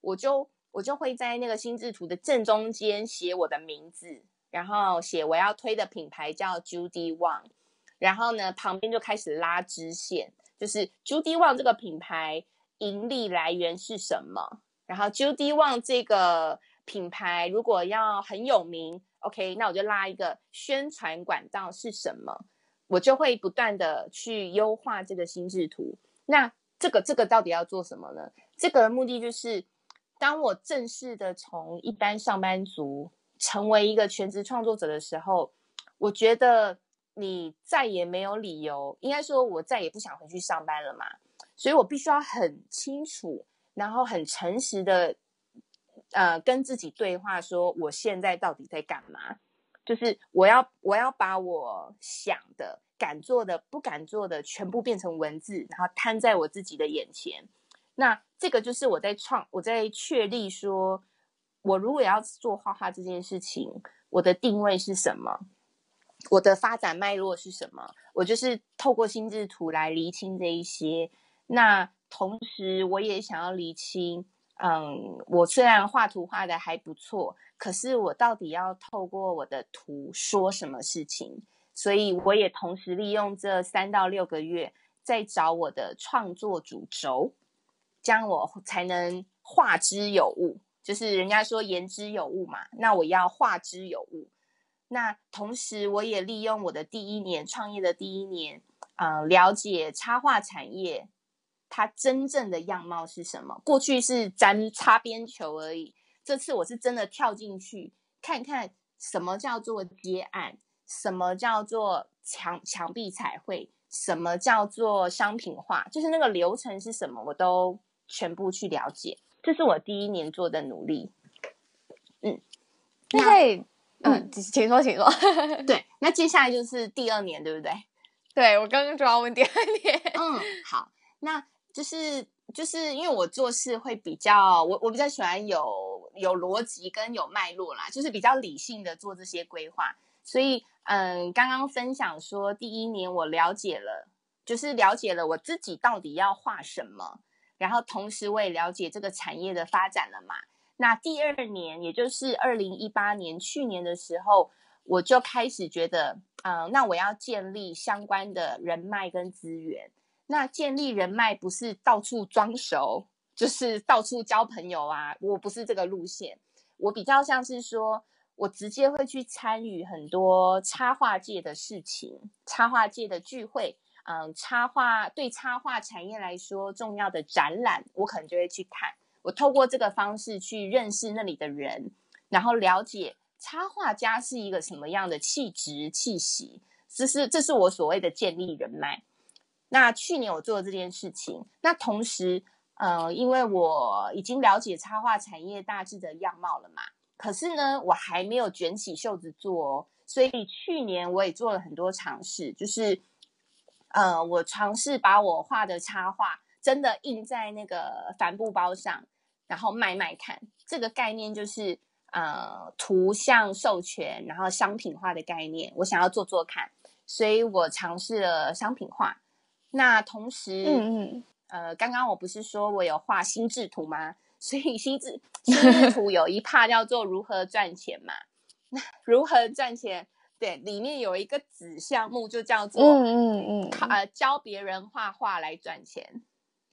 我就我就會在那個心智圖的正中間寫我的名字，然後寫我要推的品牌叫 Judy Wang，然後呢旁邊就開始拉支線，就是 Judy Wang 這個品牌盈利來源是什麼？然後 Judy Wang 這個品牌如果要很有名，OK，那我就拉一個宣傳管道是什麼？我就會不斷的去優化這個心智圖。那這個這個到底要做什麼呢？這個的目的就是，當我正式的從一般上班族成為一個全職創作者的時候，我覺得你再也沒有理由，應該說我再也不想回去上班了嘛。所以我必須要很清楚，然後很誠實的，呃，跟自己對話，說我現在到底在幹嘛。就是我要，我要把我想的、敢做的、不敢做的，全部變成文字，然後攤在我自己的眼前。那這個就是我在創，我在確立說，我如果要做畫畫這件事情，我的定位是什麼？我的發展脈絡是什麼？我就是透過心智圖來釐清這一些。那同時，我也想要釐清。嗯，我雖然畫圖畫得還不錯，可是我到底要透過我的圖說什麼事情？所以我也同時利用這三到六個月，在找我的創作主軸，這樣我才能畫之有物，就是人家說言之有物嘛。那我要畫之有物，那同時我也利用我的第一年創業的第一年，嗯、呃，了解插畫產業。它真正的樣貌是什麼？過去是沾擦邊球而已。這次我是真的跳進去，看看什麼叫做接案，什麼叫做牆牆壁彩繪，什麼叫做商品化，就是那個流程是什麼，我都全部去了解。這是我第一年做的努力。嗯，那，那嗯，請說，請說。 <laughs> 對，那接下來就是第二年，對不對？對，我剛剛主要問第二年。嗯，好，那。就是就是因為我做事會比較我我比較喜歡有有邏輯跟有脈絡啦，就是比較理性的做這些規劃。所以嗯，剛剛分享說第一年我了解了，就是了解了我自己到底要畫什麼，然後同時我也了解這個產業的發展了嘛。那第二年，也就是二零一八年去年的時候，我就開始覺得，嗯，那我要建立相關的人脈跟資源。那建立人脈不是到處裝熟，就是到處交朋友啊，我不是這個路線，我比較像是說，我直接會去參與很多插畫界的事情，插畫界的聚會，嗯，插畫對插畫產業來說重要的展覽，我可能就會去看。我透過這個方式去認識那裡的人，然後了解插畫家是一個什麼樣的氣質、氣息。這是這是我所謂的建立人脈。那去年我做了這件事情，那同時，呃，因為我已經了解插畫產業大致的樣貌了嘛，可是呢，我還沒有捲起袖子做，哦，所以去年我也做了很多嘗試，就是，呃，我嘗試把我畫的插畫真的印在那個帆布包上，然後賣賣看，這個概念就是呃，圖像授權然後商品化的概念，我想要做做看，所以我嘗試了商品化。那同時，嗯嗯，呃，剛剛我不是說我有畫心智圖嗎？所以心智心智圖有一 part 叫做如何賺錢嘛。那 <laughs> 如何賺錢？對，裡面有一個子項目就叫做嗯嗯嗯，呃，教別人畫畫來賺錢。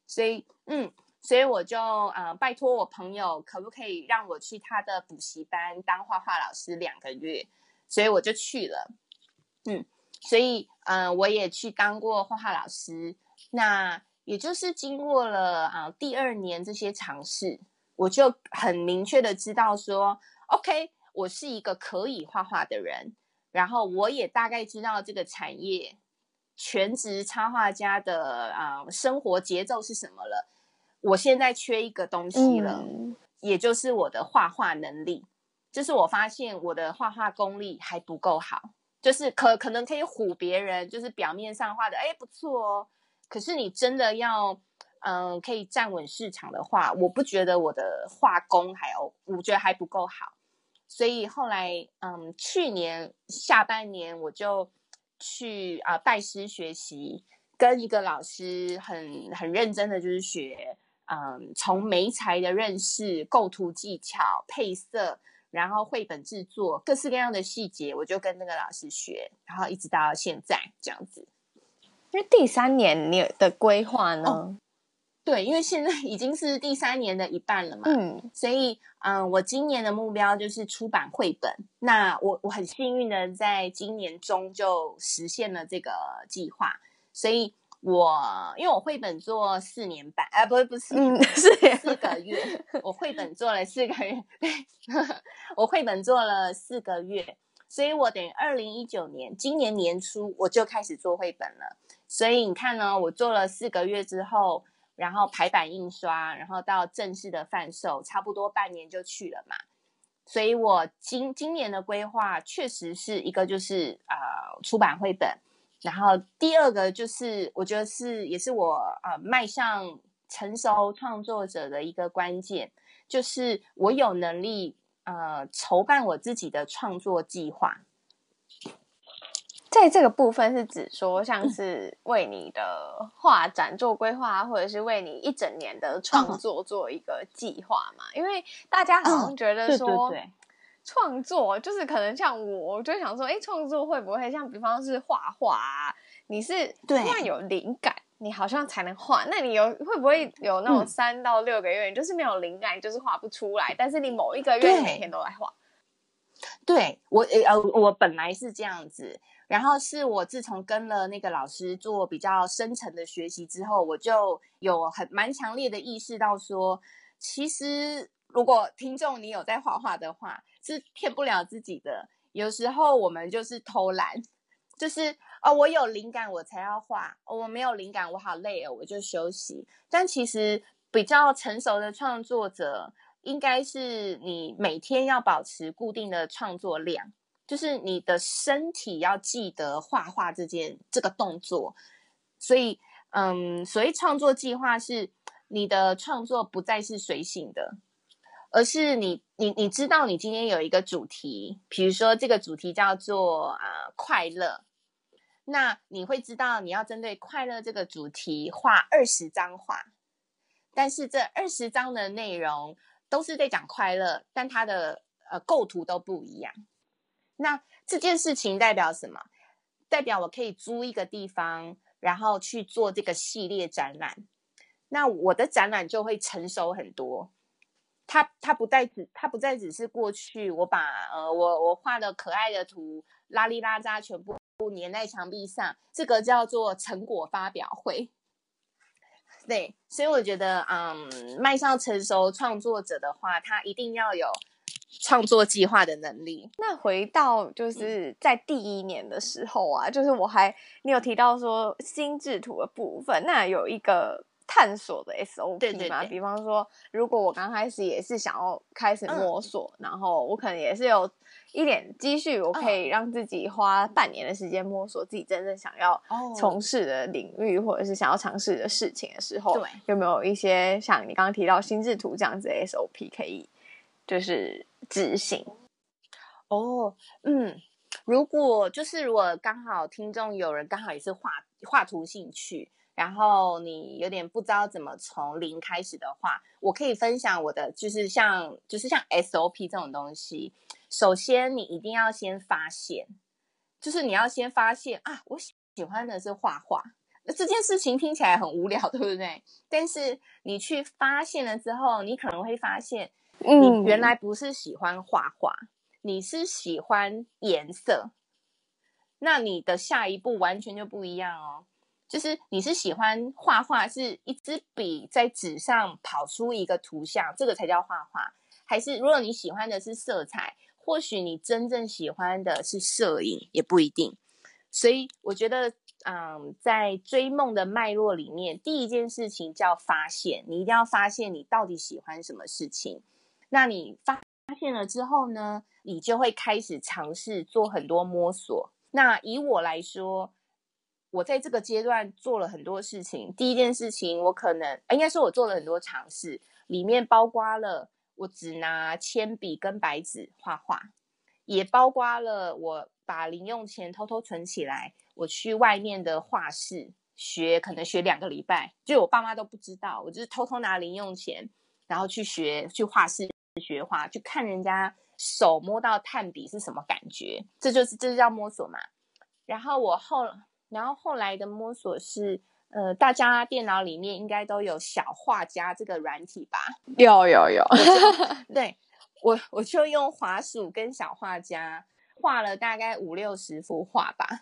所以，嗯，所以我就，呃，拜託我朋友，可不可以讓我去他的補習班當畫畫老師兩個月。所以我就去了，嗯。所以，嗯、呃，我也去當過畫畫老師。那也就是經過了啊、呃，第二年這些嘗試，我就很明確的知道說，OK，我是一個可以畫畫的人。然後我也大概知道這個產業全職插畫家的啊、呃、生活節奏是什麼了。我現在缺一個東西了，嗯、也就是我的畫畫能力，就是我發現我的畫畫功力還不夠好。就是可可能可以唬別人，就是表面上畫的哎、欸、不錯哦，可是你真的要嗯可以站穩市場的話，我不覺得我的畫工還有，我覺得還不夠好，所以後來嗯去年下半年我就去啊、呃、拜師學習，跟一個老師很很認真的就是學嗯從媒材的認識、構圖技巧、配色。然後繪本制作各式各樣的細節，我就跟那個老師學，然後一直到現在這樣子。因為第三年你的規劃呢？哦，對，因為現在已經是第三年的一半了嘛。嗯，所以，嗯，呃，我今年的目標就是出版繪本。那我我很幸運的在今年中就實現了這個計劃，所以。我因為我繪本做四年半啊、哎，不不是四年四個月，我繪本做了四個月對，我繪本做了四個月，所以我等於二零一九年今年年初我就開始做繪本了，所以你看呢，我做了四個月之後，然後排版印刷，然後到正式的販售，差不多半年就去了嘛，所以我今今年的規劃確實是一個就是啊、呃、出版繪本。然後第二個就是，我覺得是也是我啊、呃、邁向成熟創作者的一個關鍵，就是我有能力呃籌辦我自己的創作計劃。在這個部分是指說，像是為你的畫展做規劃，嗯、或者是為你一整年的創作做一個計劃嘛？嗯、因為大家好像覺得說。嗯，對對對創作就是可能像我，我就想說，哎，創作會不會像，比方是畫畫，你是突然有靈感，對你好像才能畫。那你有會不會有那種三到六個月，嗯、你就是沒有靈感，你就是畫不出來？但是你某一個月每天都來畫。對，對我呃，我本來是這樣子，然後是我自從跟了那個老師做比較深層的學習之後，我就有很蠻強烈的意識到說，其實如果聽眾你有在畫畫的話。是騙不了自己的。有時候我們就是偷懶，就是哦，我有靈感我才要畫，哦，我沒有靈感我好累哦，我就休息。但其實比較成熟的創作者，應該是你每天要保持固定的創作量，就是你的身體要記得畫畫這件這個動作。所以，嗯，所以創作計劃是你的創作不再是隨性的。而是你，你你知道你今天有一個主題，比如說這個主題叫做啊、呃、快樂，那你會知道你要針對快樂這個主題畫二十張畫，但是這二十張的內容都是在講快樂，但它的呃構圖都不一樣。那這件事情代表什麼？代表我可以租一個地方，然後去做這個系列展覽，那我的展覽就會成熟很多。他他不再只他不再只是過去我把呃我我畫的可愛的圖拉里拉扎，全部粘在牆壁上，這個叫做成果發表會。對，所以我覺得嗯，邁向成熟創作者的話，他一定要有創作計劃的能力。那回到就是在第一年的時候啊，嗯、就是我還你有提到說心智圖的部分，那有一個。探索的 SOP 嘛，對對對，比方說，如果我剛開始也是想要開始摸索，嗯、然後我可能也是有一點積蓄，我可以讓自己花半年的時間摸索自己真正想要從事的領域，哦、或者是想要嘗試的事情的時候，對有沒有一些像你剛剛提到心智圖這樣子的 SOP 可以就是執行？哦，嗯，如果就是如果剛好聽眾有人剛好也是畫畫圖興趣。然後你有點不知道怎麼從零開始的話，我可以分享我的就，就是像就是像 SOP 這種東西。首先，你一定要先發現，就是你要先發現啊，我喜歡的是畫畫。那這件事情聽起來很無聊，對不對？但是你去發現了之後，你可能會發現，你原來不是喜歡畫畫，嗯、你是喜歡顏色。那你的下一步完全就不一樣哦。就是你是喜歡畫畫，是一支筆在紙上跑出一個圖像，這個才叫畫畫。還是如果你喜歡的是色彩，或許你真正喜歡的是攝影，也不一定。所以我覺得，嗯，在追夢的脈絡裡面，第一件事情叫發現，你一定要發現你到底喜歡什麼事情。那你發現了之後呢，你就會開始嘗試做很多摸索。那以我來說。我在這個階段做了很多事情。第一件事情，我可能應該說，我做了很多嘗試，裡面包括了我只拿鉛筆跟白紙畫畫，也包括了我把零用錢偷偷存起來，我去外面的畫室學，可能學兩個禮拜，就我爸媽都不知道，我就是偷偷拿零用錢，然後去學去畫室學畫，去看人家手摸到炭筆是什麼感覺，這就是這就叫摸索嘛。然後我後。然後後來的摸索是，呃，大家電腦裡面應該都有小畫家這個軟體吧？有有有，有有，我對，我我就用滑鼠跟小畫家畫了大概五六十幅畫吧，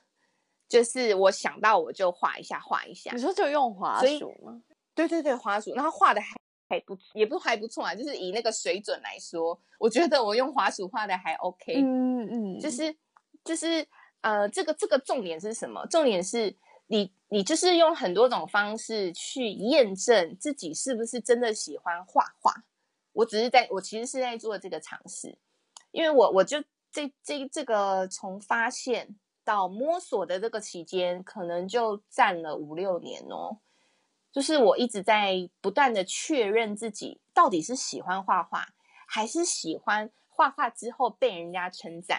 就是我想到我就畫一下畫一下。你說就用滑鼠嗎？對對對，滑鼠，然後畫的還，還不錯，也不還不錯啊，就是以那個水準來說，我覺得我用滑鼠畫的還 OK。嗯，嗯嗯，就是，就是就是。呃，這個這個重點是什麼？重點是你你，就是用很多種方式去驗證自己是不是真的喜歡畫畫。我只是在，我其實是在做這個嘗試，因為我我就這這這個從發現到摸索的這個期間，可能就佔了五六年哦。就是我一直在不斷的確認自己到底是喜歡畫畫，還是喜歡畫畫之後被人家稱讚。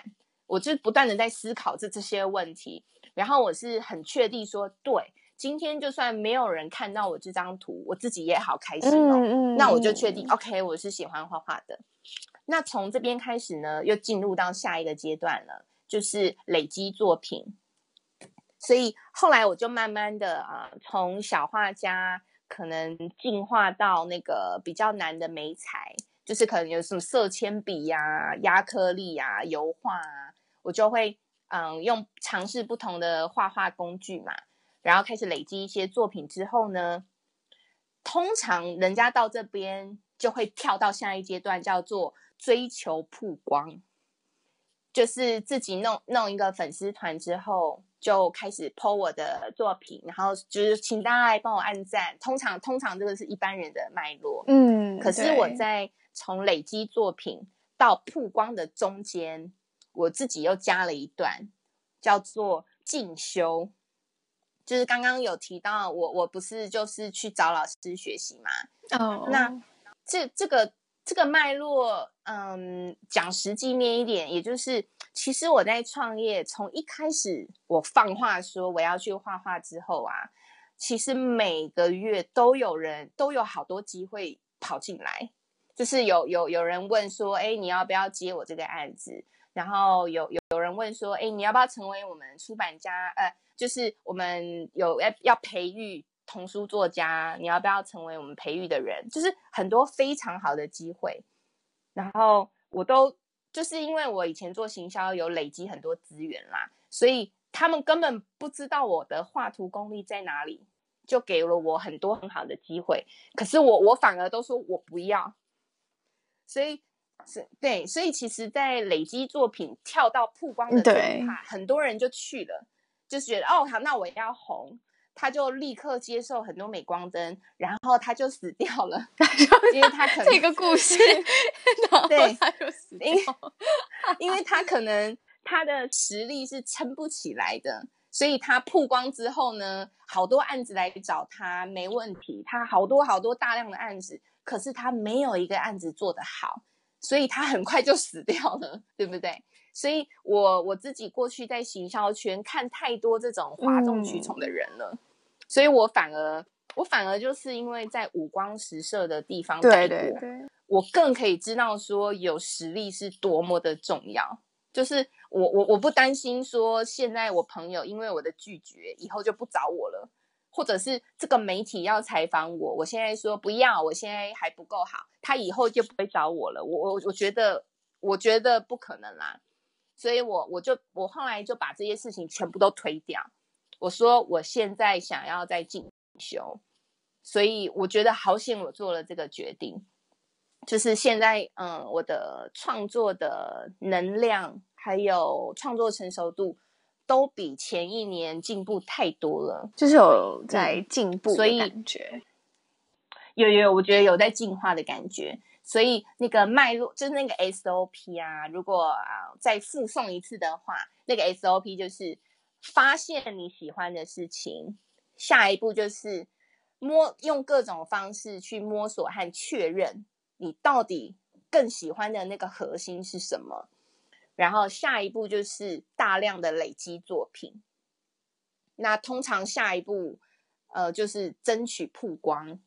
我就不斷的在思考這這些問題，然後我是很確定說，對，今天就算沒有人看到我這張圖，我自己也好開心哦。嗯嗯、那我就確定、嗯、，OK，我是喜歡畫畫的。那從這邊開始呢，又進入到下一個階段了，就是累積作品。所以後來我就慢慢的啊、呃，從小畫家可能進化到那個比較難的媒材，就是可能有什麼色鉛筆呀、啊、壓克力呀、啊、油畫、啊。我就會嗯，用嘗試不同的畫畫工具嘛，然後開始累積一些作品之後呢，通常人家到這邊就會跳到下一階段，叫做追求曝光，就是自己弄弄一個粉絲團之後，就開始 po 我的作品，然後就是請大家來幫我按讚。通常通常這個是一般人的脈絡，嗯，可是我在從累積作品到曝光的中間，我自己又加了一段，叫做進修，就是剛剛有提到我，我不是就是去找老師學習嘛。哦、oh.，那這這個這個脈絡，嗯，講實際面一點，也就是其實我在創業，從一開始我放話說我要去畫畫之後啊，其實每個月都有人都有好多機會跑進來，就是有有有人問說，哎，你要不要接我這個案子？然後有有有人問說，誒，你要不要成為我們出版家？呃，就是我們有要要培育童書作家，你要不要成為我們培育的人？就是很多非常好的機會，然後我都就是因為我以前做行銷有累積很多資源啦，所以他們根本不知道我的畫圖功力在哪裡，就給了我很多很好的機會。可是我我反而都說我不要，所以。是對，所以其實，在累積作品跳到曝光的點對很多人就去了，就是覺得哦，好，那我也要紅。他就立刻接受很多鎂光燈，然後他就死掉了， <laughs> 因為他可能這個故事，對，他就死掉，對 <laughs> 因為因為他可能他的實力是撐不起來的，所以他曝光之後呢，好多案子來找他沒問題，他好多好多大量的案子，可是他沒有一個案子做得好。所以他很快就死掉了，對不對？所以我我自己過去在行銷圈看太多這種嘩眾取寵的人了，嗯。所以我反而我反而就是因為在五光十色的地方待過，對對，對，我更可以知道說有實力是多麼的重要。就是我我我不擔心說現在我朋友因為我的拒絕以後就不找我了。或者是這個媒體要採訪我，我現在說不要，我現在還不夠好，他以後就不會找我了。我我我覺得我覺得不可能啦，所以我我就我後來就把這些事情全部都推掉。我說我現在想要再進修，所以我覺得好險我做了這個決定，就是現在嗯，我的創作的能量，還有創作成熟度，都比前一年進步太多了，就是有在進步的感覺。有有有，我覺得有在進化的感覺。所以那個脈絡就是那個 SOP 啊，如果啊再複誦一次的話，那個 SOP 就是發現你喜歡的事情，下一步就是摸用各種方式去摸索和確認你到底更喜歡的那個核心是什麼。然後下一步就是大量的累積作品。那通常下一步，呃，就是爭取曝光。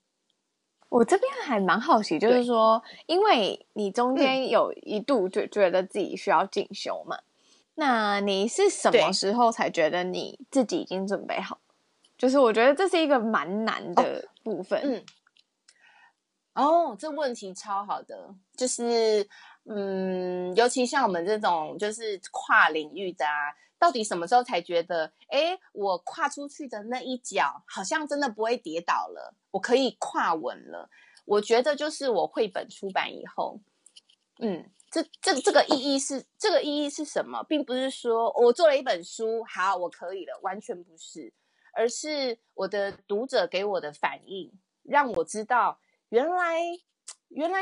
我這邊還蠻好奇，對就是說，因為你中間有一度就覺得自己需要進修嘛，嗯、那你是什麼時候才覺得你自己已經準備好？對就是我覺得這是一個蠻難的部分。哦、嗯。哦，這問題超好的，就是，嗯，尤其像我們這種就是跨領域的啊，到底什麼時候才覺得，哎，我跨出去的那一腳好像真的不會跌倒了，我可以跨穩了？我覺得就是我繪本出版以後，嗯，這這這個意義是這個意義是什麼？並不是說我做了一本書，好，我可以了，完全不是，而是我的讀者給我的反應，讓我知道。原來，原來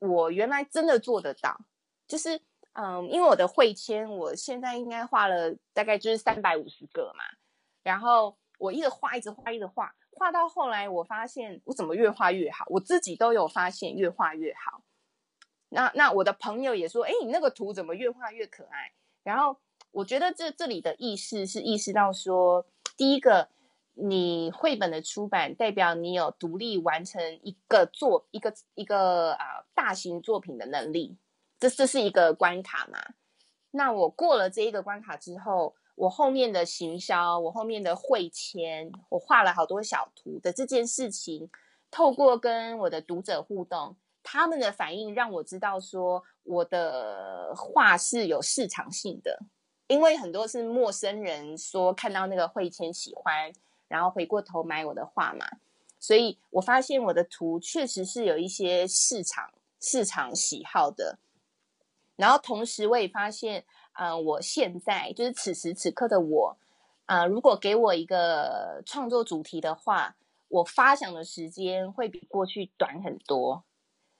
我原來真的做得到，就是嗯，因為我的會簽，我現在應該畫了大概就是三百五十個嘛，然後我一直畫，一直畫，一直畫畫到後來，我發現我怎麼越畫越好，我自己都有發現越畫越好。那那我的朋友也說，哎，你那個圖怎麼越畫越可愛？然後我覺得這這裡的意思是意識到說，第一個。你繪本的出版代表你有獨立完成一個作一個一個啊、呃、大型作品的能力，這這是一個關卡嘛？那我過了這一個關卡之後，我後面的行銷，我後面的會簽，我畫了好多小圖的這件事情，透過跟我的讀者互動，他們的反應讓我知道說我的畫是有市場性的，因為很多是陌生人說看到那個會簽喜歡。然後回過頭買我的畫嘛，所以我發現我的圖確實是有一些市場市場喜好的，然後同時我也發現啊、呃，我現在就是此時此刻的我啊、呃，如果給我一個創作主題的話，我發想的時間會比過去短很多。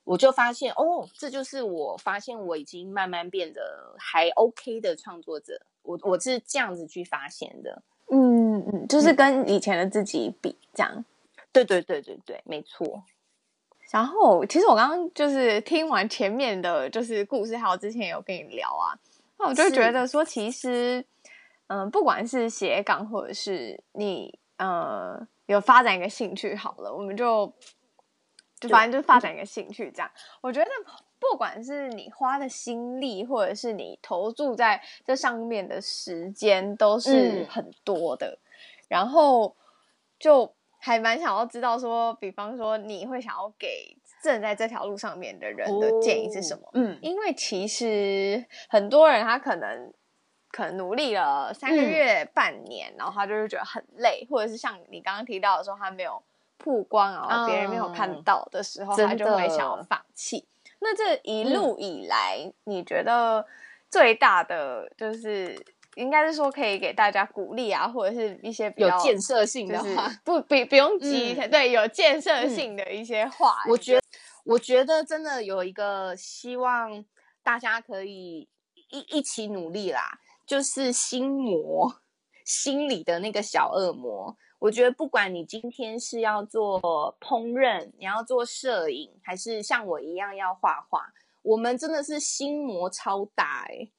我就發現哦，這就是我發現我已經慢慢變得還 OK 的創作者，我我是這樣子去發現的。嗯，就是跟以前的自己比，嗯、這樣，對對對對對，沒錯。然後，其實我剛剛就是聽完前面的，就是故事，還有之前有跟你聊啊，那是我就覺得說，其實，嗯、呃，不管是寫稿或者是你，呃，有發展一個興趣，好了，我們就就反正就是發展一個興趣，這樣，對我覺得不管是你花的心力，或者是你投注在這上面的時間，都是很多的。嗯。然後，就還蠻想要知道說，比方說，你會想要給正在這條路上面的人的建議是什麼？哦、嗯，因為其實很多人他可能，可能努力了三個月、半年，嗯、然後他就是覺得很累，或者是像你剛剛提到的時候，他沒有曝光啊，嗯、然後別人沒有看到的時候，嗯、他就會想要放棄。真的。那這一路以來，嗯、你覺得最大的就是？應該是說可以給大家鼓勵啊，或者是一些比較有建設性的話，不，不，不用急。嗯、對，有建設性的一些話、欸嗯，我覺得，我覺得真的有一個希望，大家可以一一起努力啦。就是心魔，心裡的那個小惡魔。我覺得，不管你今天是要做烹飪，你要做攝影，還是像我一樣要畫畫，我們真的是心魔超大、欸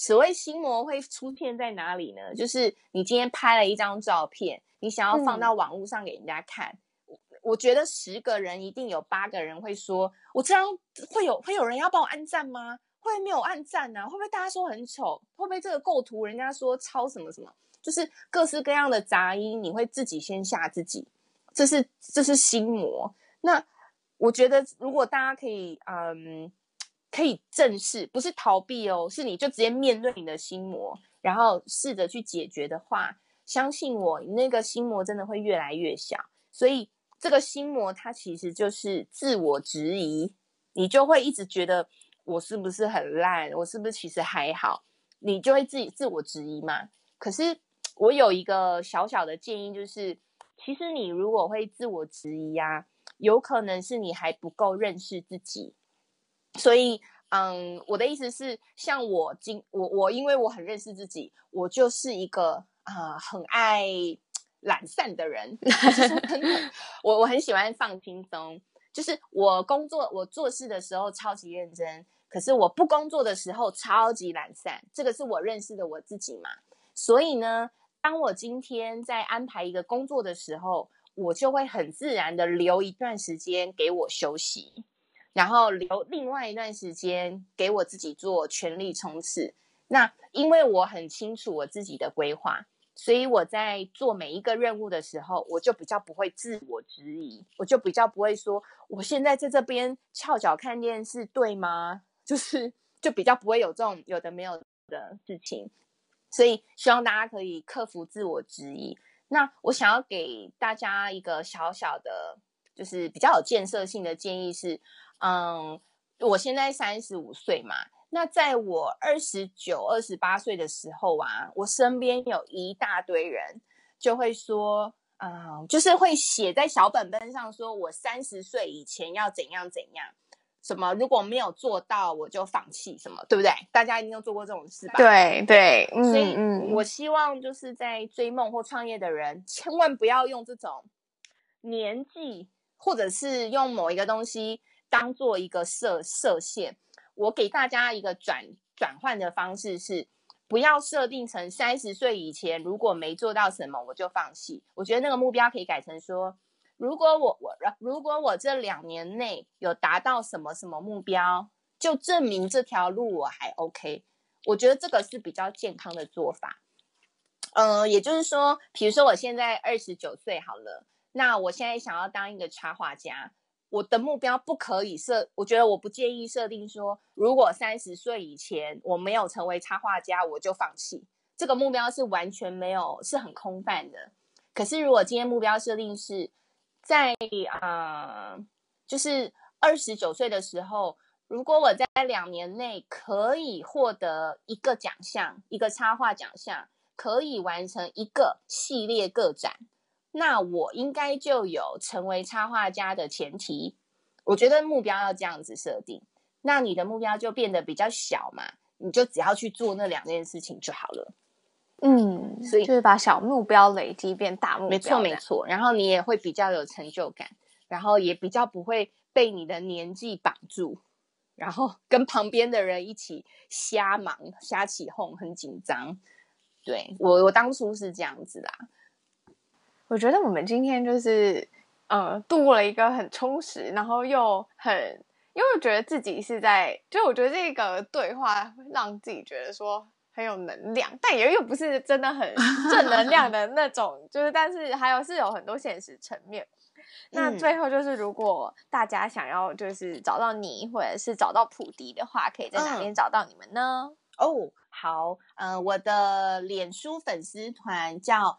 所謂心魔會出現在哪裡呢？就是你今天拍了一張照片，你想要放到網路上給人家看。嗯、我覺得十個人一定有八個人會說：“我這張會有會有人要幫我按贊嗎？”會沒有按讚啊？會不會大家說很醜？會不會這個構圖人家說抄什麼什麼？就是各式各樣的雜音，你會自己先嚇自己，這是這是心魔。那我覺得如果大家可以嗯。可以正視，不是逃避哦，是你就直接面對你的心魔，然後試着去解決的話，相信我，你那個心魔真的會越來越小。所以這個心魔它其實就是自我質疑，你就會一直覺得我是不是很爛，我是不是其實還好，你就會自己自我質疑嘛。可是我有一個小小的建議，就是其實你如果會自我質疑啊，有可能是你還不夠認識自己。所以，嗯，我的意思是，像我今我我，我因為我很認識自己，我就是一個啊、呃、很愛懶散的人。 <laughs> 我我很喜歡放輕鬆，就是我工作我做事的時候超級認真，可是我不工作的時候超級懶散。這個是我認識的我自己嘛。所以呢，當我今天在安排一個工作的時候，我就會很自然的留一段時間給我休息。然後留另外一段時間給我自己做全力衝刺。那因為我很清楚我自己的規劃，所以我在做每一個任務的時候，我就比較不會自我質疑，我就比較不會說，我現在在這邊翹腳看電視對嗎？就是就比較不會有這種有的沒有的事情。所以希望大家可以克服自我質疑。那我想要給大家一個小小的，就是比較有建設性的建議是：嗯，我現在三十五歲嘛，那在我二十九、二十八歲的時候啊，我身邊有一大堆人就會說，啊、嗯，就是會寫在小本本上，說我三十歲以前要怎樣怎樣，什麼如果沒有做到我就放棄，什麼對不對？大家一定有做過這種事吧？對對，對嗯、所以我希望就是在追夢或創業的人，千萬不要用這種年紀，或者是用某一個東西。當做一個設設限，我給大家一個轉轉換的方式是，不要設定成三十歲以前如果沒做到什麼我就放棄。我覺得那個目標可以改成說，如果我我如果我這兩年內有達到什麼什麼目標，就證明這條路我還 OK。我覺得這個是比較健康的做法。嗯、呃，也就是說，比如說我現在二十九歲好了，那我現在想要當一個插畫家。我的目標不可以設，我覺得我不建議設定說，如果三十歲以前我沒有成為插畫家，我就放棄。這個目標是完全沒有，是很空泛的。可是如果今天目標設定是，在啊、呃，就是二十九歲的時候，如果我在兩年內可以獲得一個獎項，一個插畫獎項，可以完成一個系列個展。那我應該就有成為插畫家的前提，我覺得目標要這樣子設定，那你的目標就變得比較小嘛，你就只要去做那兩件事情就好了。嗯，所以就是把小目標累積變大目標沒錯，沒錯沒錯，然後你也會比較有成就感，然後也比較不會被你的年紀綁住，然後跟旁邊的人一起瞎忙瞎起哄，很緊張。對，我我當初是這樣子啦。我覺得我們今天就是，呃，度過了一個很充實，然後又很，因為我覺得自己是在，就我覺得這個對話讓自己覺得說很有能量，但也又不是真的很正能量的那種， <laughs> 就是，但是還有是有很多現實層面。嗯、那最後就是，如果大家想要就是找到你或者是找到茱蒂的話，可以在哪邊找到你們呢？哦、嗯，oh, 好，呃我的臉書粉絲團叫。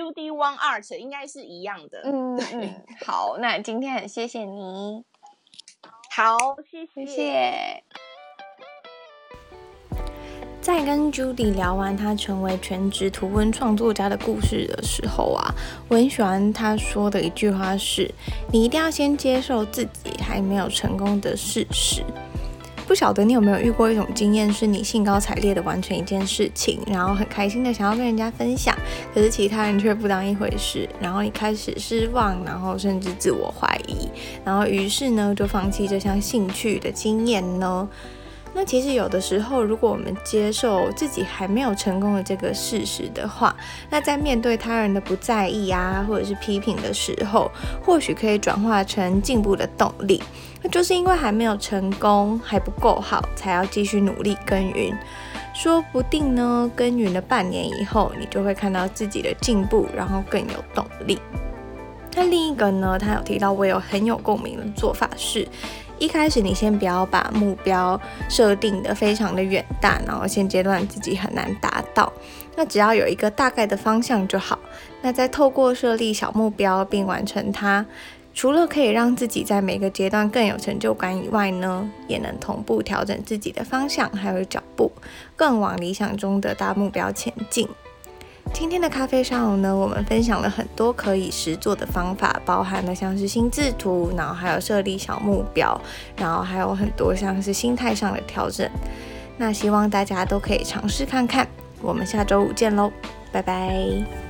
Judy One Art 應該是一樣的。嗯對嗯，好，那今天很謝謝你。好，謝謝。謝謝。在跟 Judy 聊完他成為全職圖文創作家的故事的時候啊，我很喜歡他說的一句話是：“你一定要先接受自己還沒有成功的事實。”不曉得你有沒有遇過一種經驗，是你興高采烈的完成一件事情，然後很開心的想要跟人家分享，可是其他人卻不當一回事，然後你開始失望，然後甚至自我懷疑，然後於是呢，就放棄這項興趣的經驗呢？那其實有的時候，如果我們接受自己還沒有成功的這個事實的話，那在面對他人的不在意啊，或者是批評的時候，或許可以轉化成進步的動力。那就是因為還沒有成功，還不夠好，才要繼續努力耕耘。說不定呢，耕耘了半年以後，你就會看到自己的進步，然後更有動力。那另一個呢，他有提到我有很有共鳴的做法是。一開始你先不要把目標設定得非常的遠大，然後現階段自己很難達到。那只要有一個大概的方向就好。那再透過設立小目標並完成它，除了可以讓自己在每個階段更有成就感以外呢，也能同步調整自己的方向還有腳步，更往理想中的大目標前進。今天的咖啡沙龍呢，我們分享了很多可以實做的方法，包含了像是心智圖，然後還有設立小目標，然後還有很多像是心態上的調整。那希望大家都可以嘗試看看。我們下週五見嘍，拜拜。